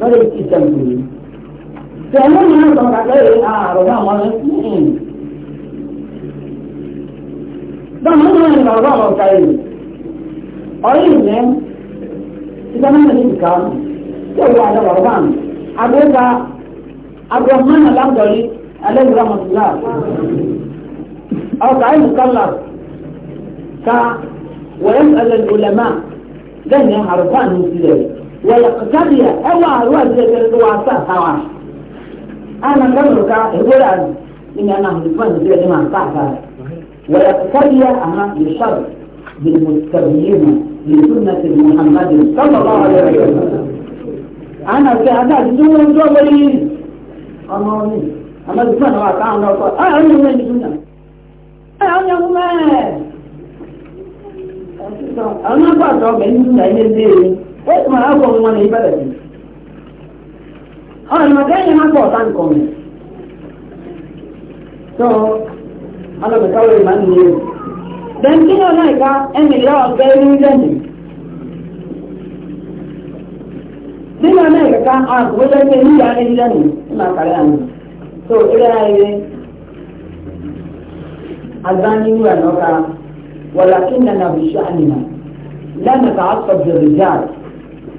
lọ́dọ̀ ti tẹ̀ mí ni. Tẹ̀mú ni wọ́n sọ kàkẹ́ yìí àrùn náà wọ́n ní. Báwo ni wọ́n yẹn lọ́wọ́ ọ̀ka yìí? Ọ̀yìn ìyẹn ìgbà náà ní ìka tí ó wà lọ́wọ́ ọ̀gá mi. Àgbéga Abdulrahman Alamdori Alẹ́gbẹ̀rẹ̀ Mọ̀tìlá. Ọ̀ka yìí kọ́lá ka wẹ́n alẹ́ ìlú lẹ́mà lẹ́yìn àrùn fáànù sílẹ̀. wọ̀lọ̀kọ̀kárìà ẹwà àrùn àdìrẹ́gbẹ̀rẹ́ tó wà sá àtàwà àná kọ́mùrùká ìwúrà ìyá náà ní fún na ní màá sá àtàwà wọ̀lọ̀kọ̀kárìà àmà yòṣàbù bìrìmùsàbìyìmù bìrìmùsàbìyìmù muhammadu sọ́kọ̀ọ́ àlẹ́ àná kí na àdìsí wọn tó wọlé yìí ọmọ mi àmọ́ ìdílé na wà káwọn na kọ́ ẹ̀ na ẹ̀ ẹ̀ اسمع أقوى من البلد أنا المكان ما أقوى تنكم so أنا بكوي من نيو then كده هناك أمي لا أقوى من جنبي nínú amẹ́ríkà ká àgbélé pé níyà ẹni lẹ́nu nínú àkàrẹ́ àmì tó ilé ayé azánínú ẹ̀ lọ́ka wọ̀lá kí nana bìṣẹ́ àmìnà lẹ́nu ká àtọ̀ bẹ̀rẹ̀ jáde.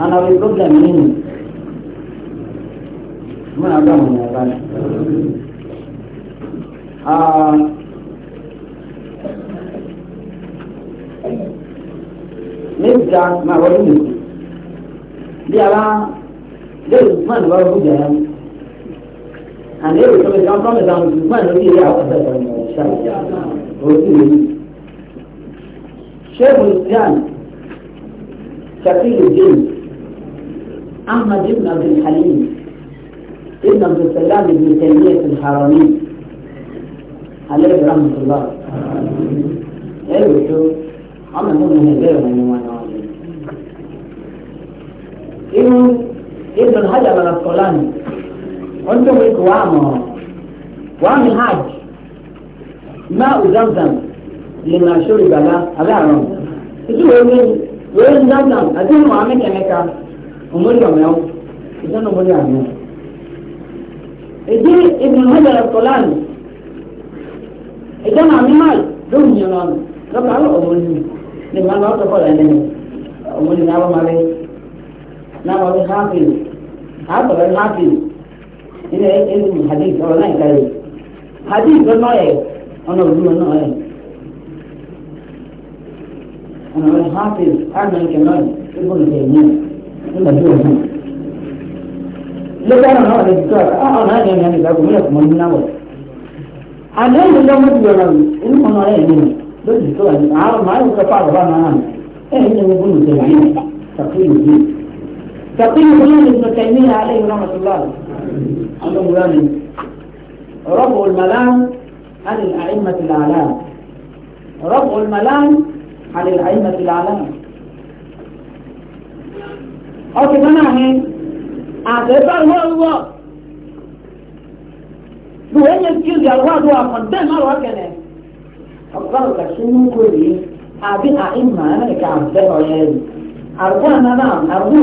أنا أريد قبل منه ما أعلم يا باشا آه نرجع مع وليد دي على غير عثمان بقى رجع أنا غير كم كان كم كان عثمان رجع يا أخي شيخ الإسلام شقي الدين أحمد بن عبد الحليم ابن عبد السلام بن تيمية الحرامي عليه رحمة الله أيوة شو أنا مو من غير من ابن ابن حجر الأسقلاني أنتم إقوامه وعمل حاج ماء زمزم لما شرب له هذا عرم. إذا وين وين زمزم أدين وعمل كمكة ومولي عميو إذن مولي عميو إذن ابن هجر الطلاني إذن عمي مال دون يلان قبل على أمولي لما أنا أتقل أنني أمولي نعم عليه نعم عليه حافظ حافظ الحافظ إذا إذن الحديث أو لا يكاري حديث بالنوية أنا أقول النوية أنا أقول حافظ أنا الكمال ابن تيمية لكن أنا أنا الدكتور آه أنا هذا أنا بقول لك أنا من أول أنا أنا ما تقول أنا ما نعرف أنا بس الدكتور أنا ما هو أنا بقى ما أنا إيه أنا يقول تقييم أنا الدين تقييم أنا ابن تيمية عليه رحمة الله عنده مولانا رفع الملام عن الأئمة الأعلام رفع الملام عن الأئمة الأعلام ọtí kan náà ni àtẹ̀fẹ́ ìwọ́ ìwọ́ bí wọ́n yẹ kí ìjà wà lọ́wọ́ àkọ́dẹ́ náà wà kẹ̀lẹ̀ ọ̀pọ̀ ọ̀gá sí inú kò rí àbí àìmọ̀ ẹ̀ka àfẹ́ ọ̀yẹ́ rẹ̀ àrùkù ụmụ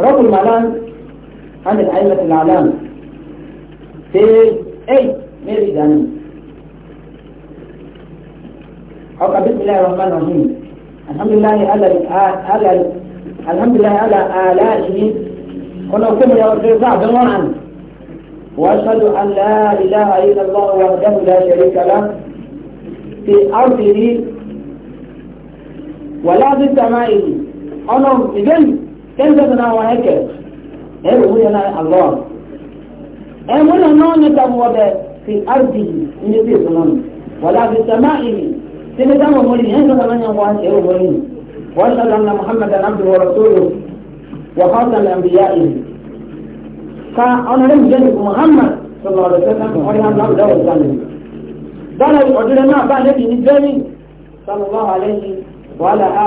رجل مالان عن الأئمة الأعلام في اي ميري داني حقا بسم الله الرحمن الرحيم الحمد لله على على الحمد لله على آلائه قلنا وكم يا رب الله بالورعن وأشهد أن لا إله إلا الله وحده لا شريك له في أرضه ولا في سمائه أنا إذن kẹ́ńtẹ́ mi náà wọ́n ẹ̀kẹ́ ẹ̀rù wúyẹ náà àlọ́ ẹ̀mú náà náà ní ká wọ́n bẹ fi áàdì ní bí ìsúná mi wọ́n láti sẹ́mà ìlì tí mi dáhùn mọ́lì yẹn tó kàmá yẹn wọ́n ẹ̀rù mọ́lì wọ́n ṣẹlẹ̀ ní muhammed alamdu wọ́n rọ̀sọ́lù wọ́n kọ́ sẹ́lẹ̀ àbíyá ìlì ká ọ̀nàdé mi jẹ́ni muhammed sọ̀rọ̀ ọ̀rọ̀ sẹ́lẹ̀ ọ̀rẹ́ àbúrò dáwọ̀ sálẹ̀ dáná ọ̀dúnrún náà bá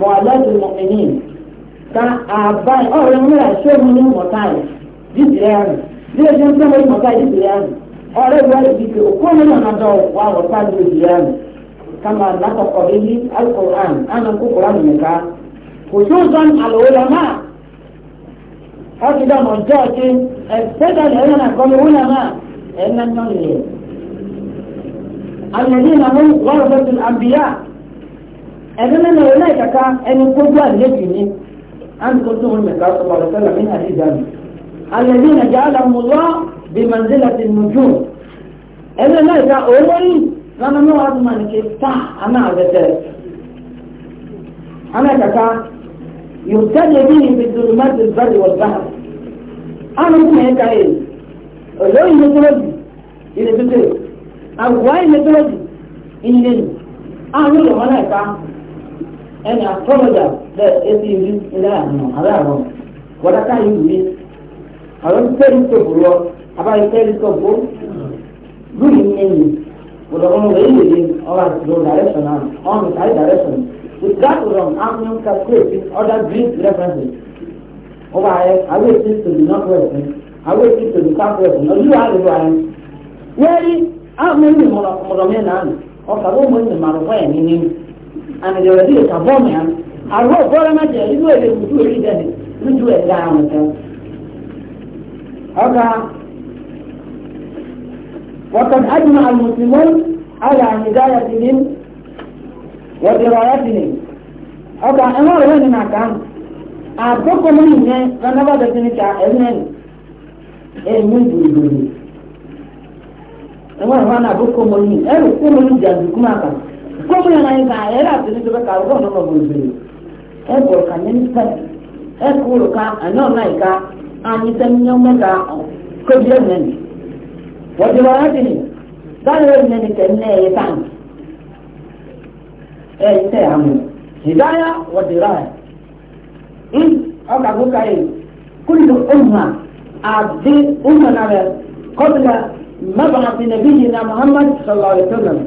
mọ̀ọ́lẹ́dù mọ̀mìnì ká àbáyé ọ̀rẹ́ mìíràn ṣé mi ní dídìrẹ́ ṣe ń sọ́mọ́ ní mọ̀táì dídìrẹ́ àrùn ọ̀rẹ́ ìwà ìdíje òkú mi náà dọ̀ wà wọ̀tá ní òdìrẹ́ àrùn kama lakọkọ bí ní alukur'an àná kúkúrá mi nìka kò tó máa ọtí ẹ̀yàn máa nyọ́ ẹni nínú rẹ̀ náà kàkà ẹni gbogbo àlejò ni àti kó tó wọn mẹ̀ká sọ̀rọ̀ rẹ̀ sọ̀rọ̀ mí àti ìdáàbò alẹ́bí nà já la mú lọ bí manzila ti mú jù ẹni náà kà olórí lọ́nà mi wàá tuma nìke tá àná àbẹ̀tẹ̀ àná kàkà yóò tẹ́lẹ̀ bí ibi dùnú má ti bẹ̀rẹ̀ wọ̀ bá àná kò mẹ̀ ká yìí olórí ní tó lọ́jù ilé tó tẹ̀ àgùwá ilé tó lọ́jù ilé yìí àná lọ́wọ́ náà ká. and apologize that if you do that no haram what can you do I don't tell you to bro about you tell you to bro good evening but I want to leave you all right direction on the side direction with that wrong I'm not calculating other Greek references over here I will see to the northwest I will see to the southwest no you are the right where is I'm not even more than a man ọkà ló àmì ìdọ̀rọ̀ bí òkà bọ́ọ̀mù yàn àwọn ọ̀bọ̀rọ̀ má jẹ́ ìlú èdè kùtù èyí dẹ̀ lójú ẹ̀ láàmù tán. ọkà وقد n'i. المسلمون على هدايتهم ودرايتهم ọkà ẹ̀rọ rẹ̀ ní màkà àkókò mú ìyẹn lọ́nàbàdàn ti ní ká ẹ̀rọ ẹ̀mú ìdòdò ẹ̀wọ̀n ìwọ̀n àkókò mú ìyẹn ẹ̀rọ kó mú ìjà dùkú màkà. gómìnà náà ìgbà ayẹ́rẹ́ àti ní ìjọba kàwé ọ̀nà ọ̀nà òbí ẹ bọ̀ ká mínísítà ẹ na ká ka ọ̀nà ìka àyìn sẹ́mi ní ọmọ ìka kóbi ẹ̀ nẹ́ni wọ́n ti wọ́n rántí ni dáhùn ẹ̀ nẹ́ni kẹ́ ní ẹ̀yẹ táǹkì ẹ̀ ń tẹ̀ àmì ìdáyà wọ́n ti rà ẹ̀ na muhammad sallallahu alayhi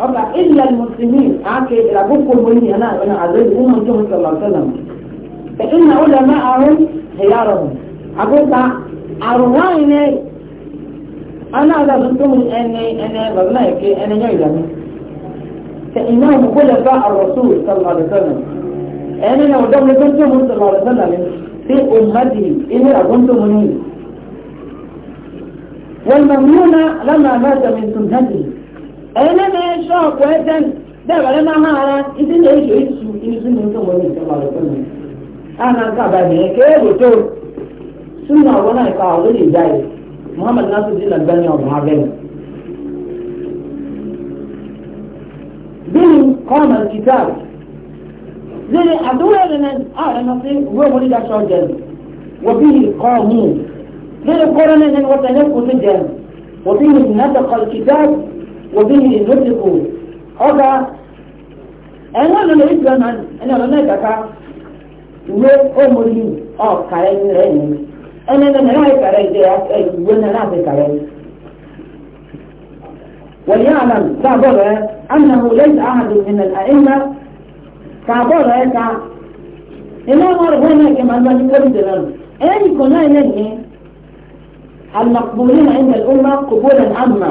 أبدا إلا المسلمين عاكي لابوكم مني أنا وأنا عزيز أمم جمهة صلى الله عليه وسلم فإن علماءهم خيارهم أقول أرواني أنا هذا بنتم أني أنا بغلاك أنا جايلة فإنهم فاء الرسول صلى الله عليه وسلم أنا لو دم لكم صلى الله عليه وسلم في أمته إني أكنت مني والممنون لما مات من سنته ẹ̀yẹ́nẹ́ ní ṣọ́ọ̀pù ẹ̀sẹ̀n dẹ́gbẹ̀rẹ́ máa hàn ara ìdí ní èṣù ìṣù ìṣù ní tó wọlé ìjọba rẹ̀ fún mi. àná kábà nìyẹn kéèwò tó súnmọ́ àwọn náà ìka àwọn olóyè ìjà yìí muhammed nasiru lagbani ọ̀gbọ̀n abẹ́rẹ́. bíi kọ́ọ̀mù kìtàbù lórí àdúrà rẹ̀ náà ààrẹ náà fi wọ́n wọlé dáṣọ jẹun wọ́n bí kọ́ọ̀mù lórí kọ́ọ̀rọ̀ náà ni wọ́n tẹ̀lé kùtù jẹun wọ́n bí nàdàkọ̀ kìtàbù وبه نطلق أوكا أنا لا أريد أن أنا لا أريد أن ìwé ọmọlú ọ̀kàrẹ́ rẹ̀ ni ẹni ẹni náà ìkàrẹ́ ìdẹ ìwé náà láti kàrẹ́ wọ̀nyí àlàm sábọ̀ rẹ̀ anahu lẹ́yìn ahadu minna àìmá sábọ̀ rẹ̀ ká iná ọ̀rọ̀ wọn náà kẹ́mà lọ́wọ́ ní kọ́lù dìrọ̀ ẹ̀yìn kò náà ẹ̀yìn almakbuli na ẹ̀yìn ọmọ kò bó lẹ́nu àmà.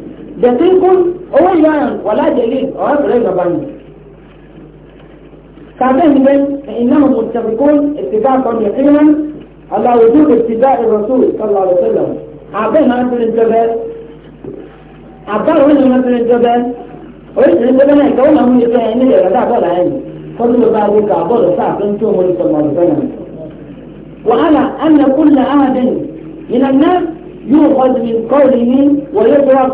دقيق أولا ولا جليل أولا غبان كابين بين فإنهم متفقون اتفاقا يقينا على وجوب اتباع الرسول صلى الله عليه وسلم عبين أنزل الجبل عبار وين أنزل الجبل وين الجبل هيك ولا هم يتعين لي غدا بولا عين كل ذلك بولا ساعة انتم صلى الله عليه وسلم وعلى أن كل أحد من الناس يؤخذ من قوله ويترك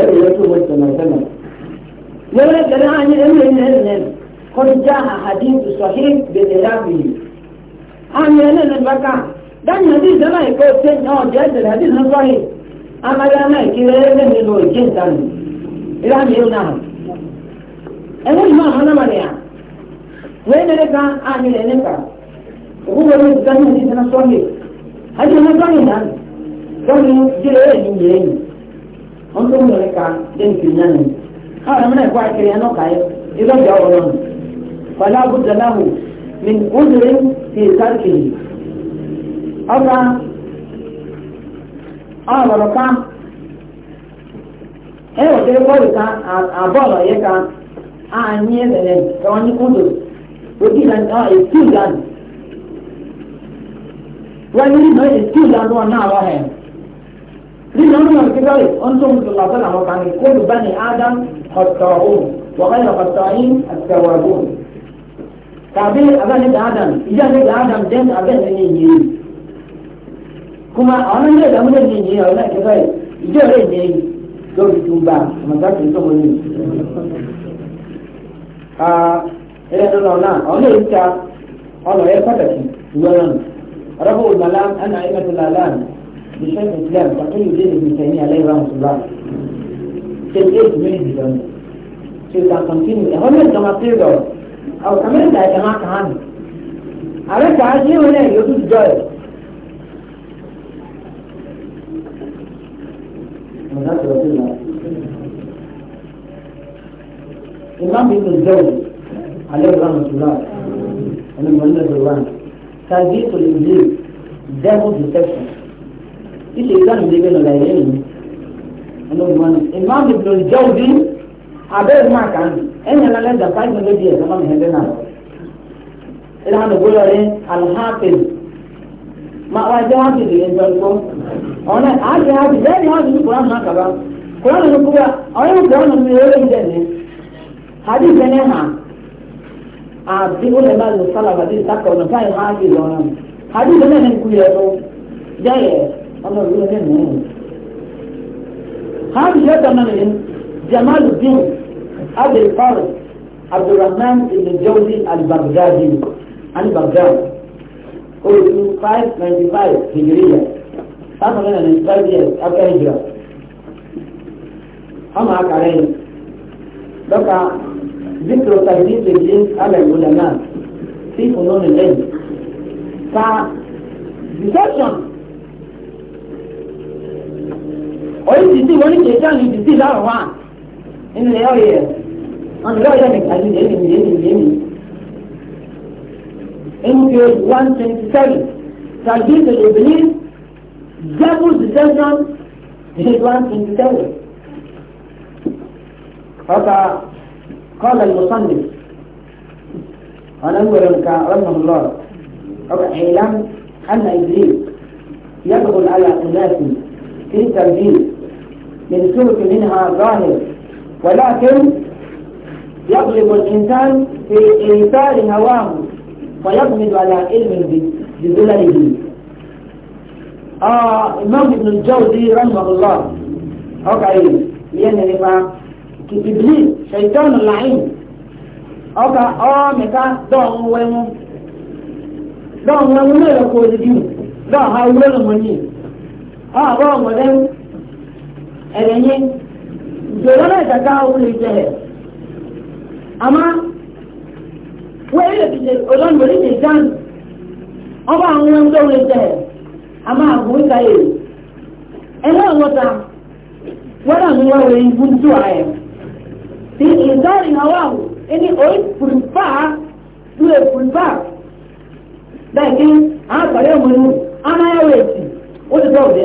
ẹ̀rọ yẹn tó wọ́n tẹ̀lé ẹ̀fẹ́ mọ̀. lọ́wọ́ ìgbẹ́rẹ́ anyi ẹ̀rọ yẹn lẹ́nu lẹ́nu kọjá àhàdí ìtùsọ̀hí gbèdè lábì. anyi ẹ̀rọ na bàkà dáhùn àdí ìdáná ìkọ́ tẹ̀ náà ọ̀dẹ́ ẹ̀dẹ̀rẹ̀ àdí ìdáná sọ́hí. amáyá náà ìkiri ẹ̀rẹ́ mi lọ ìké ìdáná ìlànà yóò náà. ẹ̀wọ́n ìmọ̀ àwọn náà mọ̀lẹ́yà wọ́n yẹn ká wọn tó wúlò nípa lẹ́yìn náà ni káwọn ọmọ náà kó àkèrè yẹn náà ka anyị ọ̀rọ̀ ọbụla pẹ̀lú àbújá láwù ní oúnjẹ ti ìsáàkìlì ọba ọ̀rọ̀ ká ẹ wọ́n ka bọ́ọ̀lù ká a anyị ká ka ẹ̀sẹ̀lẹ̀ ليه عمر كده انظروا مثل الله تعالى وقال كل بني ادم خطاؤون وغير خطائين التوابون تعبير ابان ابن ادم اذا ابن ادم دين ابان ابن انجيل كما انا آه، لا ابن انجيل ولا كده اذا ابن انجيل دول توبا ما ذاك يسمون ا الى دولنا انا انت انا يا فتاتي وانا ربو الملام انا ائمه الاعلام بشيخ الإسلام تقي الدين ابن تيمية عليه رحمة الله till eight minutes ago. So you can continue. A hundred kama period. Au kamenda jamaa kahani. Ara kaji wale yodu joy. Imam Ibn Zawd عليه رحمة الله أنا مولد الله تزيد الإنجيل devil deception ilé ìdáhùn lè gbẹ́nu láyé ẹ̀yìn ọlọ́gbọ́n imam ibn jawdi abẹ́rẹ́ máa kàn ẹ̀yìn alẹ́ dà five hundred years ọmọ mi hẹ́ndẹ́ náà ilé hàn gbọ́dọ̀ rẹ̀ alhafiz máa wá jẹ́ hafiz rẹ̀ ń tọ́jú ọ̀nà àti hafiz bẹ́ẹ̀ ni hafiz kúrán náà kàbá kúrán náà kúrán ọ̀yẹ́ kúrán náà mi rẹ̀ ń dẹ̀ ní hadith ẹ̀ ní hàn àti ó lè má lò sálà àti ìsákọ̀ọ̀nà táyì hafiz ọ̀nà hadith ẹ̀ náà ní kúrẹ́ tó jẹ́yẹ̀ẹ́. ọlọ́run yóò lẹ́nu ọ̀hún. hàn yóò dáná ní jamaluddin abdulfaru abdulrahman ibnjawzi alibagdadi alibagdadi oṣù five ninety five hijiriya five hundred ninety five years after hijira ọmọ akara yìí lọ́ka zikiro tàbí ìpèsè alẹ́ ìwòlẹ̀ náà sí ìfúnnú nìlẹ́yìn ta deception. oyin ti ti wọ́n ní kìí sáà ní ti ti láàrọ̀ wá nínú ilé ọ̀yẹ̀ wọn lọ yẹ nìkan ní èmi ní èmi ní èmi. In page 127, Talbis al-Iblis, Devil's Deception, page 127. قال المصنف أنا أقول لك رحمه الله اعلم أن إبليس يدخل على أناس في تنفيذ ينسلك منها ظاهر ولكن يغلب الإنسان في إيثار هواه ويغمد على علمه بذلله آه إمام ابن الجوزي رحمه الله أوكي لأن لما إبليس شيطان اللعين أوكا أو مكا دون ويمو دون ويمو لا يقول دين لا هاولون مني آه دون ويمو ẹ̀rẹ̀yìn ìjọba náà ìtàkà òun lè jẹ ẹ̀ àmá wọ́n èyí lè olóńgbò lè ọba àwọn ohun tó lè jẹ ẹ̀ àmá àbúrò ìka èrè ẹ̀rọ ìwọ́ta wọ́n àwọn ohun ọ̀rẹ́ ìbú tó ààyè ti ìdárì àwọn àwọn ẹni orí bẹ́ẹ̀ ni ọmọ inú amáyáwó ètì ó ti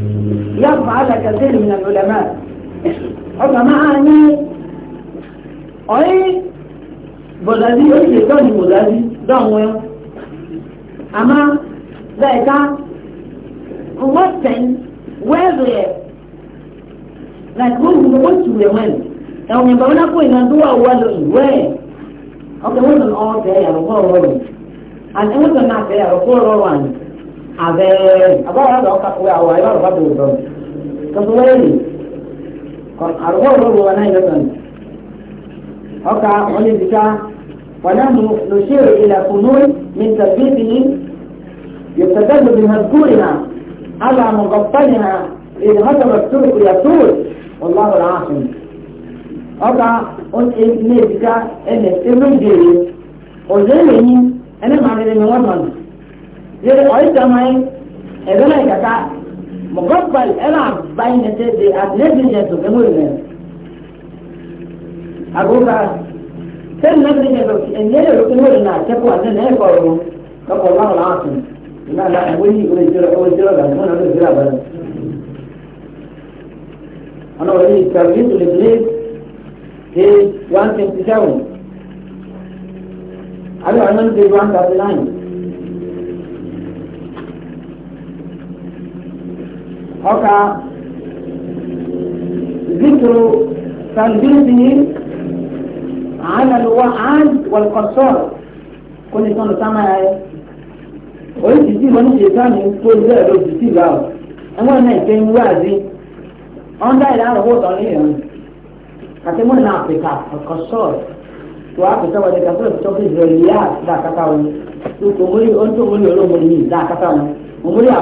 يفعل كثير من العلماء علماء أي بلادي أي شيطان بلادي دعوة أما ذلك وقتاً وغير لكن هو وقت وين ẹ̀wọ̀n yẹn bàbá náà kó kasuwayi kon arwo rogo wana ila tan hoka wani bita ونحن نشير إلى فنون من تربيته يستدل بمذكورها على مغطيها إذ هدم الترك يطول والله العاصم أضع أن إبنك أن إبن جيري وزيري أنا ما إن من وطن زيري أعيد أمعي إذن أيكا مقبل العب بين تدي نبلجنس وكمولنا أقول لك كم نبلجنس وكمولنا وكمولنا تقوى أننا يقولون تقوى الله العاصم لا لا أولي أولي جرى أولي جرى أنا أولي جرى أنا أولي تربيت الإبليس في 127 أنا أنا أولي 139 ọka ذكر تنبيههم على الوعد والقصار كل سنة سمع oríṣi tí wọn ní ṣe na ní tó ilé ẹ̀rọ ti sí ìgbà ọ ẹwọn náà ṣe ń wá sí ọ̀ndà ìlà àròwọ̀ tán ní ìrìn àti mọ́ ìlànà àfíríkà ọ̀kan sọ̀rọ̀ tó a pèsè wọlé kàtó ìfisọ́ fún ìrìn ìyá àti dáa kátà wọn tó kò mórí ó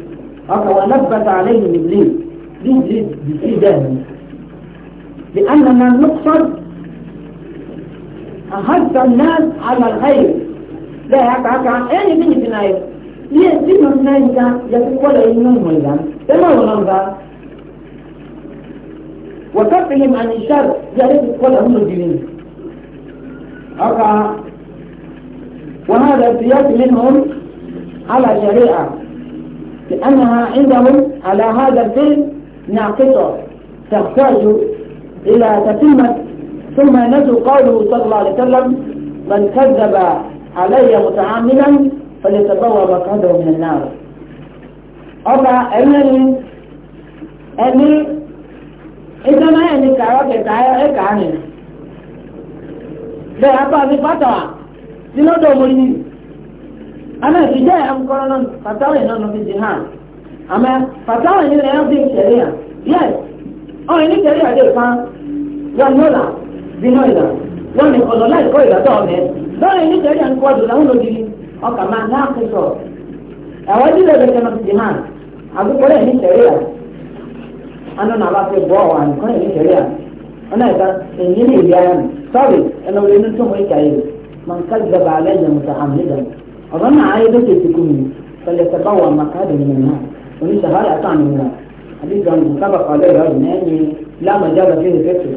هذا ونبت عليه إبليس ليه ليه ده لأننا نقصد أخذت الناس على الغير لا هكا هكا أين بني الآية ليه سنة الآية كان يقول ولا ينوم ولا تما ونمضى وكفهم عن الشر يقول ولا هم الجنين هكا وهذا سياسي منهم على شريعة لأنها عندهم على هذا الفيل ناقصة تحتاج إلى تتمة ثم نسوا قوله صلى الله عليه وسلم من كذب علي متعاملا فليتبوى مقعده من النار أما ẹlẹ́ni ẹni ìdáná ẹni kàrọ́ kẹta ẹ̀ka ni bẹ́ẹ̀ apá mi pátá sí lọ́dọ̀ mo ana hijaya mkono na fatawa inono jihad ama fatawa ni leo bi sheria yes oh, ni ya nola binoida wani kono lai ko ila tome dole ni sheria ni kwa dola uno dili na kiso awadi le kama jihad abu kore ni sheria ano na ba pe bo wa ni kore ni ni ya أظن عائدة تكون فليتبوأ مقعده من النار ومن هذا أطعم من النار حديث عن سبق عليه هذا يعني لا مجال فيه ذكر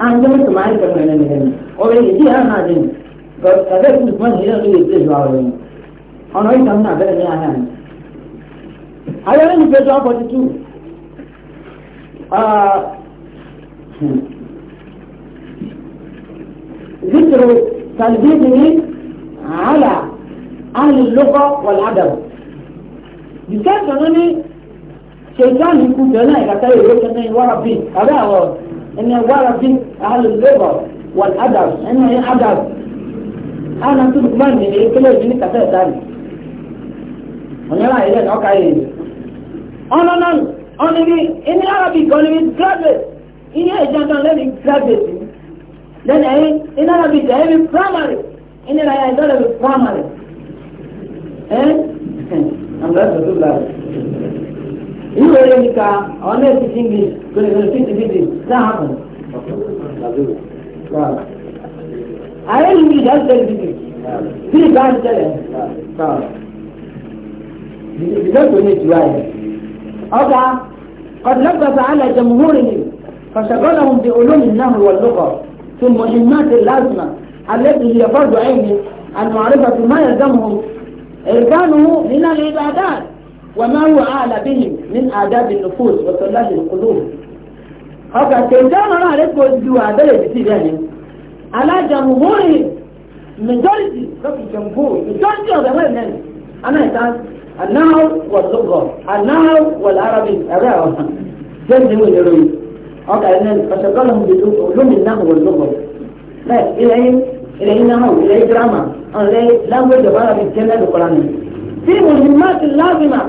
أنا جمعت معي كما إيه، إيه، أنا مهم أولي إدي أنا عزين قد كذلك مثمان هي غير يتجوى عليهم أنا أريد أن أعبر أني أهم هل أنا نفجع 42 آه ذكر تلبيسه على أهل اللغة والأدب nìkan sọ̀rọ̀ ní ṣèjáàlì ikú jẹ́nà ìkàtà ìwé kẹ́nà ìwára bí àbẹ́ àwọn ẹni ìwára bí àhàlù lébọ̀ wọ̀n adàb ẹni ẹni adàb àwọn àti olùkọ́ máa ń nìyẹn ìpínlẹ̀ ìdí ní kàtà ìta nì. ọ̀nyẹ́rà ayẹyẹ náà ọ̀ka yẹn. ọ̀nà náà ọ̀nà ní ẹni arabic ọ̀nà ní graduate ìyẹn ìjọba lẹ́nu graduate ni. then A, eh ina na bi dai primary ina na ya dole bi primary eh I'm glad to do that. you were in the car, only ka honest english going to think this, that happen I am in the health service. Three times there. Because we need to write. Okay. قد لبس على جمهورهم فشغلهم بعلوم النهر واللغة في المهمات اللازمة التي هي فرض عينه المعرفة ما يلزمهم إركانه من العبادات وما هو أعلى به من آداب النفوس وصلاح القلوب أوكا تنجان الله عليك وزيوا عدالة بسيدانه على جمهوره majority كفي جمهور majority of the women أنا يتعلم النهو واللغة النهو والعربي أبعه جنزي ويروي قطع النبي فشغلهم بدون علوم النحو واللغة طيب، لا إلى إلى نحو إلى جرامة إلى لانجوج بقى في الجنة القرآن في مهمات لازمة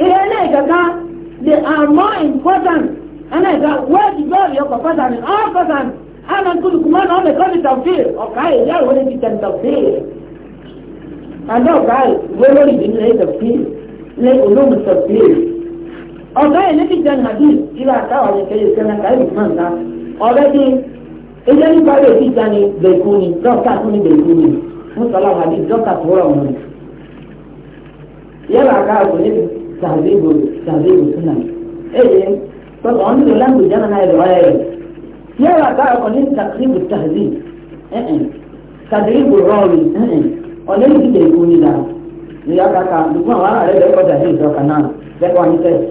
إلى هناك كا they are more important أنا إذا واجب يبقى فتن آه فتن أنا نقول كمان أنا كان تفسير أوكي لا ولا دي كان تفسير أنا أوكي ولا دي تفسير لا علوم التفسير ọ̀gá ẹ̀ níbi jẹ́ nàbí ìlà àtàwọn ẹ̀kẹ́ yóò kẹ́lá káyọ̀ náà ta ọ̀rẹ́ ní ilé nípa rẹ̀ ti já ní bẹ̀kú ni dọ́kítà tún ní bẹ̀kú ni fún sọlá wà ní dọ́kítà tó rọ̀ wọn. yẹ́lá àká àgbò níbi sàbíbò sàbíbò súnà ẹ̀yẹ tọ́kọ̀ ọ́n nílò láǹgbè jẹ́ nàá ẹ̀rọ ẹ̀ yẹ́lá àká àgbò ní sàkíríbù tàbí sàbíbò rọ̀ọ̀rì ọ̀lẹ́ ìdílé ìkú ni là ìyá kàkà dùgbọ́n àwọn ará rẹ̀ lẹ́kọ̀ọ́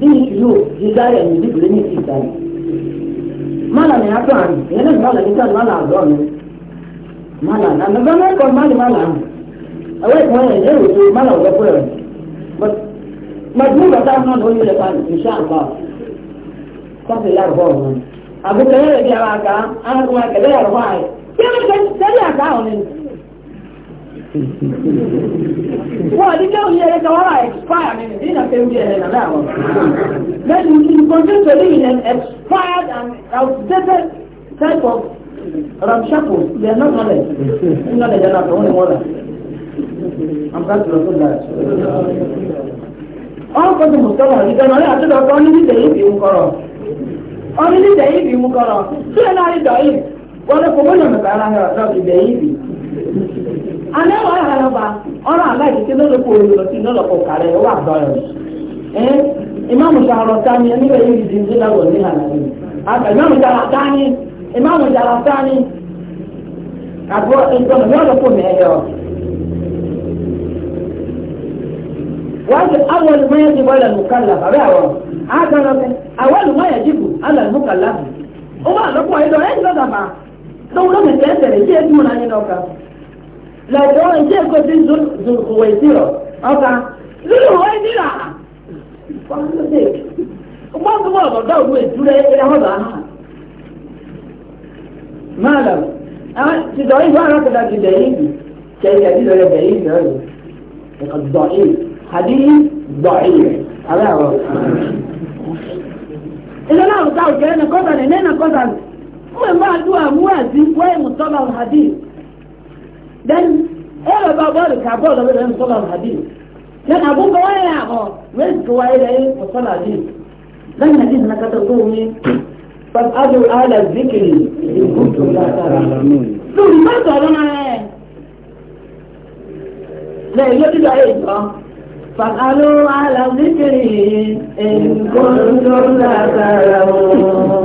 bíi ìṣúlò jíjáyà ní ìdíbò lé ní ìsìn ìdáyà. Mala ni a tó àná, ìyẹn náà mala ní sáà mala àlọ́ mi. Mala náà nígbà náà kọ́ mali mala àná. Àwọn ìpín ọ̀yẹ̀ ìyẹn òjò mala ọ̀gá fúra rẹ̀. Màdùmí bàtà náà ló yẹ lẹ́fà ní ìṣá àgbà. Kọ́sì yà rọ̀ wọn. Àbùkẹ́ yẹn rẹ̀ bí ara àgá, àwọn akẹ́lẹ́ yà rọ̀ wọn àyè. Kí Wọ́n ní kí òní ẹ̀rẹ́ kawara expire mi ní ìdàkẹ́ orí ẹ̀rẹ́ nàlẹ́ àwọn. Lẹ́nu ní ìkọ̀ntẹ́tẹ̀lì in an expired and outdated type of ramshackle, they are not knowledge. Knowledge are not only one. I'm glad to know that. Wọ́n kọ́ sí Mùsùlùmọ̀ ní Gánà lẹ́yìn àtúntò ọkọ̀ ní nídẹ̀ ìbí mú kọ́rọ̀. Ọ ní nídẹ̀ ìbí mú kọ́rọ̀. Tí ẹ náà rí dọ̀ yìí, wọ́n lè fọwọ́ yàn mẹ́ta ara rẹ̀ ọ̀dọ́ ìdẹ̀ ìbí. àná ẹ̀rọ ẹ̀rọ ẹ̀rọ bá ọ̀rọ̀ aláìsíké lọ́lọ́pọ̀ olùlọ́sí lọ́lọ́pọ̀ kàrẹ́ ẹ̀wọ́ àgbọ̀rọ̀ ẹ̀ ìmáàmù sàrọ̀ tani ẹnìwẹ̀ yìí di ní láwọ̀ ní na àgbà ìmáàmù sàrọ̀ tani ìmáàmù tani àbọ̀ ìtọ́nà lọ́lọ́pọ̀ mẹ́ẹ̀yọ. wọ́n ti àwọn olùmọ̀yẹ́ ti wọlé bàbá àwọn àwọn alẹ́ ẹ̀dọ̀ lọ́jọ́ ìṣe ìkọ́sí zùkùwé zero ọ̀ka zùkùwé zero ndị ti ndị ọ̀dọ́ ndị ìdúró ẹ̀rẹ́ ndị àná. ndị lọ ndị ìwọ ndị àti ndị kẹ̀kẹ́ ndị rẹ̀ ndị náà ndị ẹ̀kọ́ ndị àbí ndị àbẹ́ ndị ilé náà ń ta òkè ẹnì kọ́sà ní ẹnì kọ́sà mú ẹ̀ máa dúwà mú àti then ẹ̀rọ bá bọ́ọ̀lù ká bọ́ọ̀lù ọ̀bẹ lẹ́nu sọ́lá àdì then àbúkọ wáyé àhọ wẹ́ẹ̀sì tó wáyé lẹ́yìn sọ́lá àdì lẹ́yìn àdì ìsìn akátá tó wúni pàtó àdó àlà zikiri ìgbótó látara lórí má sọ̀rọ̀ náà ẹ̀ lẹ́yìn lórí lọ́yẹ̀ ìjọ pàtó àdó àlà zikiri ìgbótó látara wọn.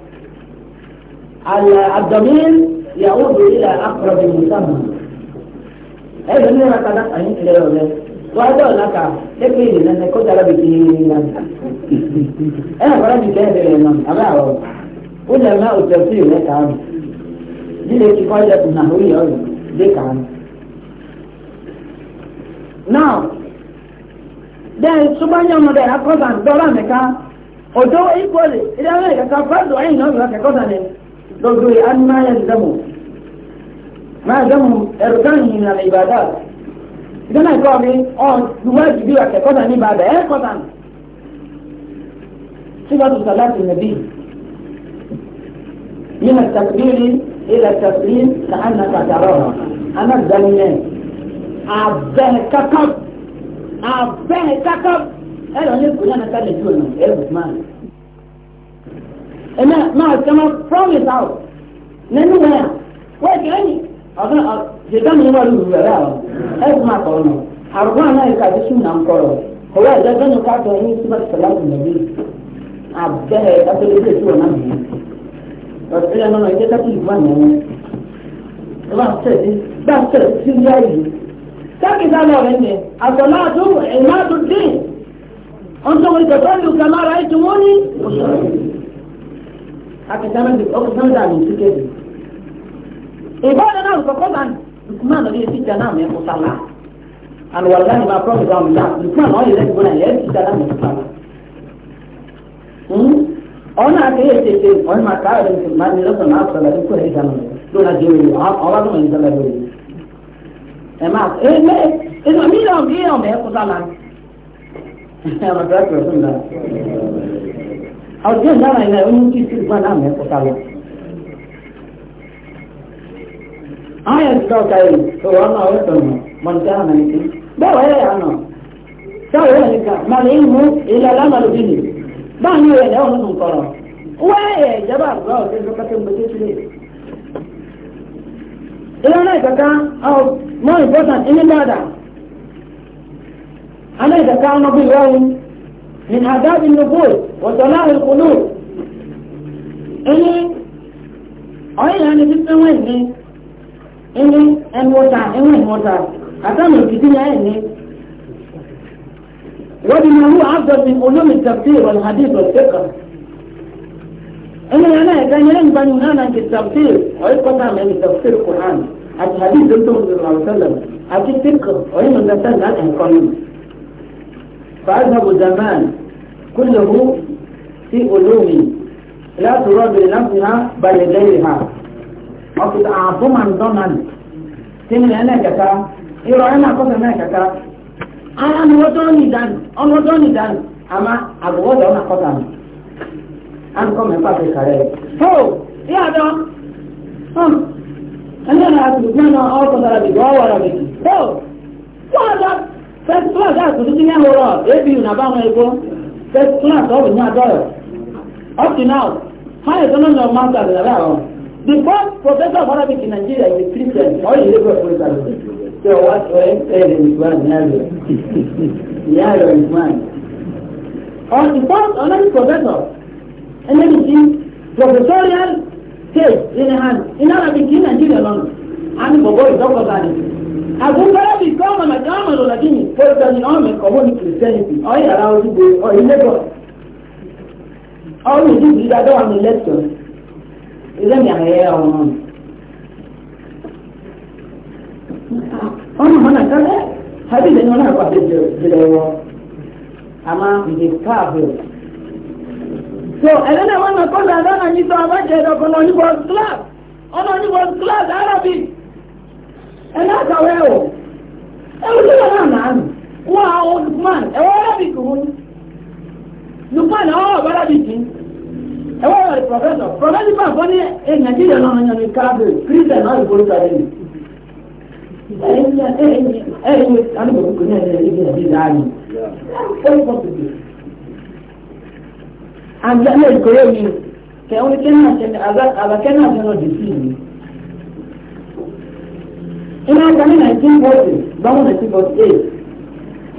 الضمير يعود إلى أقرب المسمى هذا من هذا أنت لا يعلم وهذا لك تكفيني لأن كنت ربي أنا فرنجي كافر يا إمام أبا ولا ما التفسير لك عم دي لك قاعدة نحوية لك عم now then سبحان الله ده أقرب عن دولة مكان ودو إيكوالي إذا أنا كتاب فرد وعين نوم كتاب ضده أن ما يلزمه ما يلزمه إرضانه من العبادات إذا ما يقول لي أه الواجب يوعك قطعا عبادة إيه قطعا صفة صلاة النبي من التكبير إلى التسليم كأنك تراها أنا الزمنان أعبه ككب أعبه ككب أنا إيه، نبقى أنا كان لجوه من إيه بثمان And now, now it's coming from his house. Then where? Where can he? Ọ̀gá ṣètò mi wà lóru rẹ̀ rà ẹ̀kú máa kọ̀ ọ́nà. Àrùkọ́ àná ìka ti sùn náà ń kọ̀ ọ́. Òwe ẹ̀dẹ́gbẹ́ ní ká tọ̀ ní síbẹ̀ sọ̀rọ̀ láti nàbí. Àbẹ́rẹ́ abẹ́lẹ́gbẹ́ tí wọ́n náà bì í. Ọ̀sẹ̀ ẹ̀nà ìjẹ́ kápẹ́lì fún àná wọn. Bá a tẹ̀ bá a tẹ̀ sí ilé ayé. Sáàkì sálọ rẹ̀ ní àtọ̀lá àtúntò ìmáàtú dín. Ọ̀n akitamazi okutamazi nsikezi ibada na ukokoza lukumano ile picha na amekusala and wallahi ma promise am that lukumano ile ile kuna ile picha na amekusala hmm ona akeye tete ona makao ile msimani lozo na sala ni kwa hizo na dona jewe ala kama hizo na jewe ema eme ema mira ndio amekusala Ama kwa kwa àwọn díẹ̀ lára ilẹ̀ oyún tí sí ìgbà láàmì ẹ̀kọ́ta lọ. àwọn yẹn ti tọ́ ọ̀ka yìí tó wọ́n máa wọ́n tọ̀ nù mọ̀nìkà àmà nìkú bẹ́ẹ̀ wọ́n yẹ̀ àná sáwọ́ yẹ̀ nìkan màlì ń mú ilẹ̀ alámàlú bí nì báà ní ìrẹ̀lẹ̀ ọ̀hún nù kọ̀rọ̀ wẹ́ẹ̀ ìjọba àgbà ọ̀sẹ̀ ìfọkàtẹ́ mbẹ́tẹ́ sílẹ̀. ìlànà ìkàkà more important ìnígbàdà. àná ìkàkà ọmọ bí wọ́n من عذاب النفوس وصلاح القلوب إني أين أنا جدا وإني إني أن وطع إني وطع أتم الكتير إني وبما هو أفضل من علوم التفسير والحديث والفقه إني أنا كان يلين بني أنا التفسير ويقطع من التفسير القرآن الحديث صلى الله عليه وسلم أكيد فقه وإنه ده سنة أنا فأذهب زمان كله في علوم لا تراد لنفسها بل لغيرها وقد أعظما ظنا تمن أنا كتا إيرو أنا قصة أنا كتا أنا وطني دان أنا وطني دان أما أبغض أنا قصة أنا كم يفعل الكلام هو إيه هذا هم أنا لا أترك أنا أوصل على بدو ولا هو هذا فسوا هذا تدري هو رأي أبي نبأ ما يقول first class ọ̀rọ̀ ní adọ́rẹ̀ up to now high economic of master rẹ̀ rà wọn the first professor of arabic in nigeria is a christian or a labour for his so what for him say the islam yaro yaro is one. or the first honorary professor and then nnbc professorial case in hand in arabic in nigeria lọ́nà and talk gbogbo ìdókòtà ni àgùnkọ́rẹ́ bí kọ́mọ̀ ni ọ́n ọ kọ̀wọ́ ní kìrìsìtẹ́nìtì ọ́n yàrá ojúbo ọ̀yìn lẹ́gọ̀ ọ́n mi dìbò ìdájọ́ wa ní lẹ́tọ̀ ìrẹ́mi àyẹ̀ ọ̀hún ọ̀hún. ọ̀nà ọ̀nà kálẹ̀ tàbí ìdẹ́nu náà pàdé jẹrẹ wọ àmà ìdè káàbọ̀. so ẹ̀rẹ́nà wọn nà kọ́lá dáná yìí sọ abájẹ́ ẹ̀dọ̀kọ̀ náà oníbọ̀ glass ọ̀nà oníbọ̀ glass arabic ẹ̀ náà kàwé ẹ̀ wọ̀ ẹ̀ wọ́n wọ́n àwọn lukman ẹ̀wọ́ ọlọ́bì kùrù ní lukman àwọn ọ̀bá ọlọ́bì kì í ẹ̀wọ́ ọ̀rẹ́ pọ̀fẹ́sọ̀ pọ̀fẹ́sọ̀ máa fọ́ ní nàìjíríà náà yan ní káàbẹ̀ kírísẹ̀ náà lè borí kàdé ni ẹ̀yìn ẹ̀yìn alùpùpù kò ní ẹ̀yìn ẹ̀yìn nàìjíríà ààyè ó pọ̀ tìbí. àgbẹ̀lẹ̀ ìkórè mi kẹ̀wọ́n kẹ́ náà ṣe ní Iná ọjà ní 1940, báwọn 1948,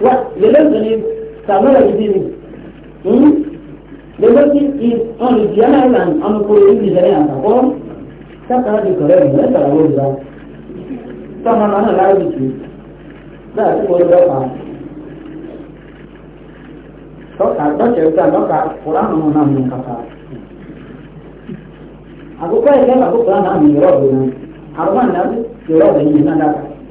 Lagos is Samara Idini. Lagos is on the Diana Island, on the Korean Israeli and Singapore. That's not the Korean, that's not the Korean. Someone on a large tree. That's what we are Tọ́ka tọ́kẹ̀ẹ́ta lọ́ka Kùránù náà mú kàkà. Àkókò ẹ̀kẹ́ àkókò náà mú ìrọ̀bù náà. Àrùbá náà ìrọ̀bù yìí náà dáka.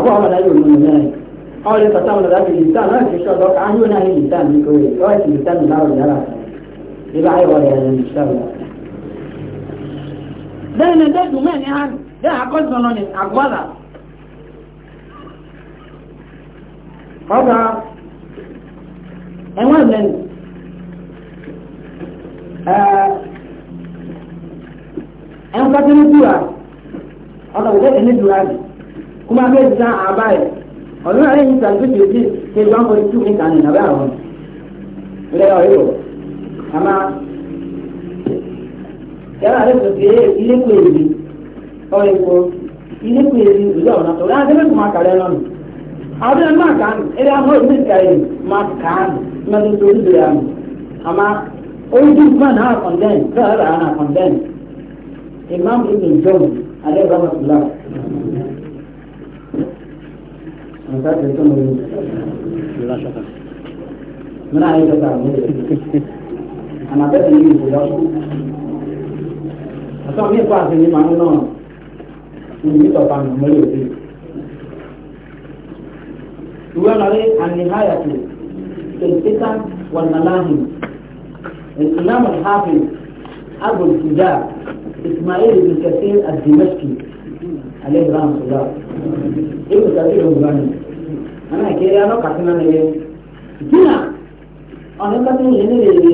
àbọ̀ wọn láyé òun náà yìí ọ̀rẹ́ pàtàkì wọn láti lè sáà náà ti sọ lọ ká yóò náà lè sáà nípa rẹ̀ ọ̀rẹ́ ti lè sáà nípa rẹ̀ yàrá ìbá ayọ̀ rẹ̀ yẹn lè sáà lọ. bẹ́ẹ̀ ni dẹ́kù mẹ́ni á dẹ́ àkọ́sọ̀nà ní àgbọ́là. ọ̀gá ẹ̀wọ̀n lẹ́nu ẹ̀wọ̀n kátólíkù à ọ̀gá òjẹ́ ẹ̀mí dùrá nìí. kuma bɛ zan a ba ye ɔlɔn yɛrɛ yi san tuntun ti ke zan ko tu ni kan na bɛ ama yàrá ale tó ti yé ilé kó ebi ɔ yi ko ilé kó ebi bɛ kuma kàlẹ́ lọ́nu àwọn ma máa kàn ẹ̀rẹ́ àwọn ama ojú ìgbà náà kọ̀ndẹ́n bẹ́ẹ̀ rà á náà kọ̀ndẹ́n من عليك أنا أتكلم من أصلا مين قاعد في معنا نوع من ميتا طعم مليو دي يقول عليه عن نهاية الفتن والملاهم الإمام الحافظ أبو الفجاء إسماعيل بن كثير الدمشقي عليه رحمة الله ibu sati rubani ana ke ya no kasina ne kina ana ka tin ne ne ne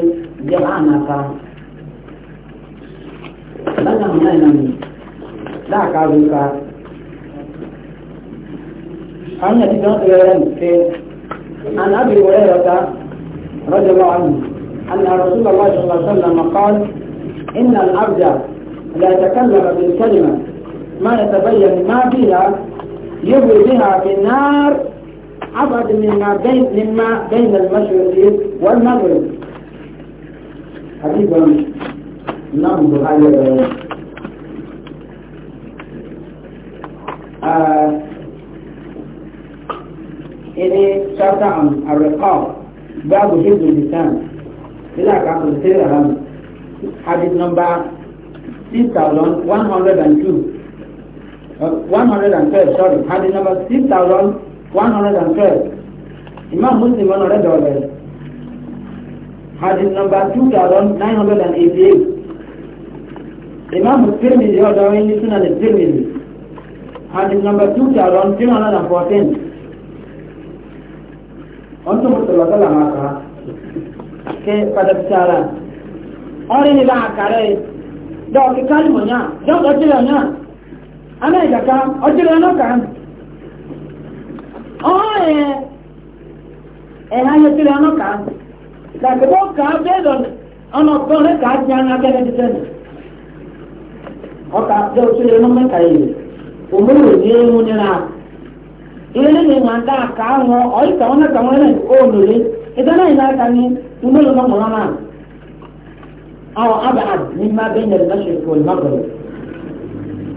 ya ba na ka lana na na ni da ka ru ka an ya ti don ya ran ke an abi wa ya ta radiyallahu anhu anna rasulullah sallallahu alaihi wasallam qala inna al-abda la yatakallam bil kalima ما يتبين ما فيها يبوي بها في النار أبعد مما بين مما بين المشرق والمغرب حديث ننظر على إني شرط عن الرقاب باب حفظ اللسان إلى كعب السيرة حديث نمبر 6102 112 sorry hadith number 6112 imam muslim honored dollars hadith number 2988 imam tirmidhi order in sunan tirmidhi hadith number 2314 ọ̀tún mọ̀tòlọ́ tọ́lá máa kà á ké padà bí sára ọ̀rìn ìlà àkàrẹ́ dọ́ọ̀kì kálìmọ̀ náà dọ́ọ̀kì ọ̀tún ìlà náà ana ìjàká ọjọ́ ọ̀nà kan ọ̀rẹ́ ẹ̀hà yẹtìrì ọ̀nà kan làgbẹ̀bọ̀ kan bẹ́ẹ̀dọ̀ ọ̀nà kan rẹ̀ kà á ti ara kẹ́lẹ́ ti tẹ́lẹ̀ ọkà àti ọ̀ṣọ́ yẹn ló mẹ́ta yìí òmùrù ní ewu nira ilé ní ìwà dá àká wọn ọ̀yíkà wọn náà kàwọn ẹlẹ́ni ó lòlé ìdáná ìlà aka ní ìmúlò náà mọ̀ọ́nà àwọn abàá ní má bẹ́ẹ̀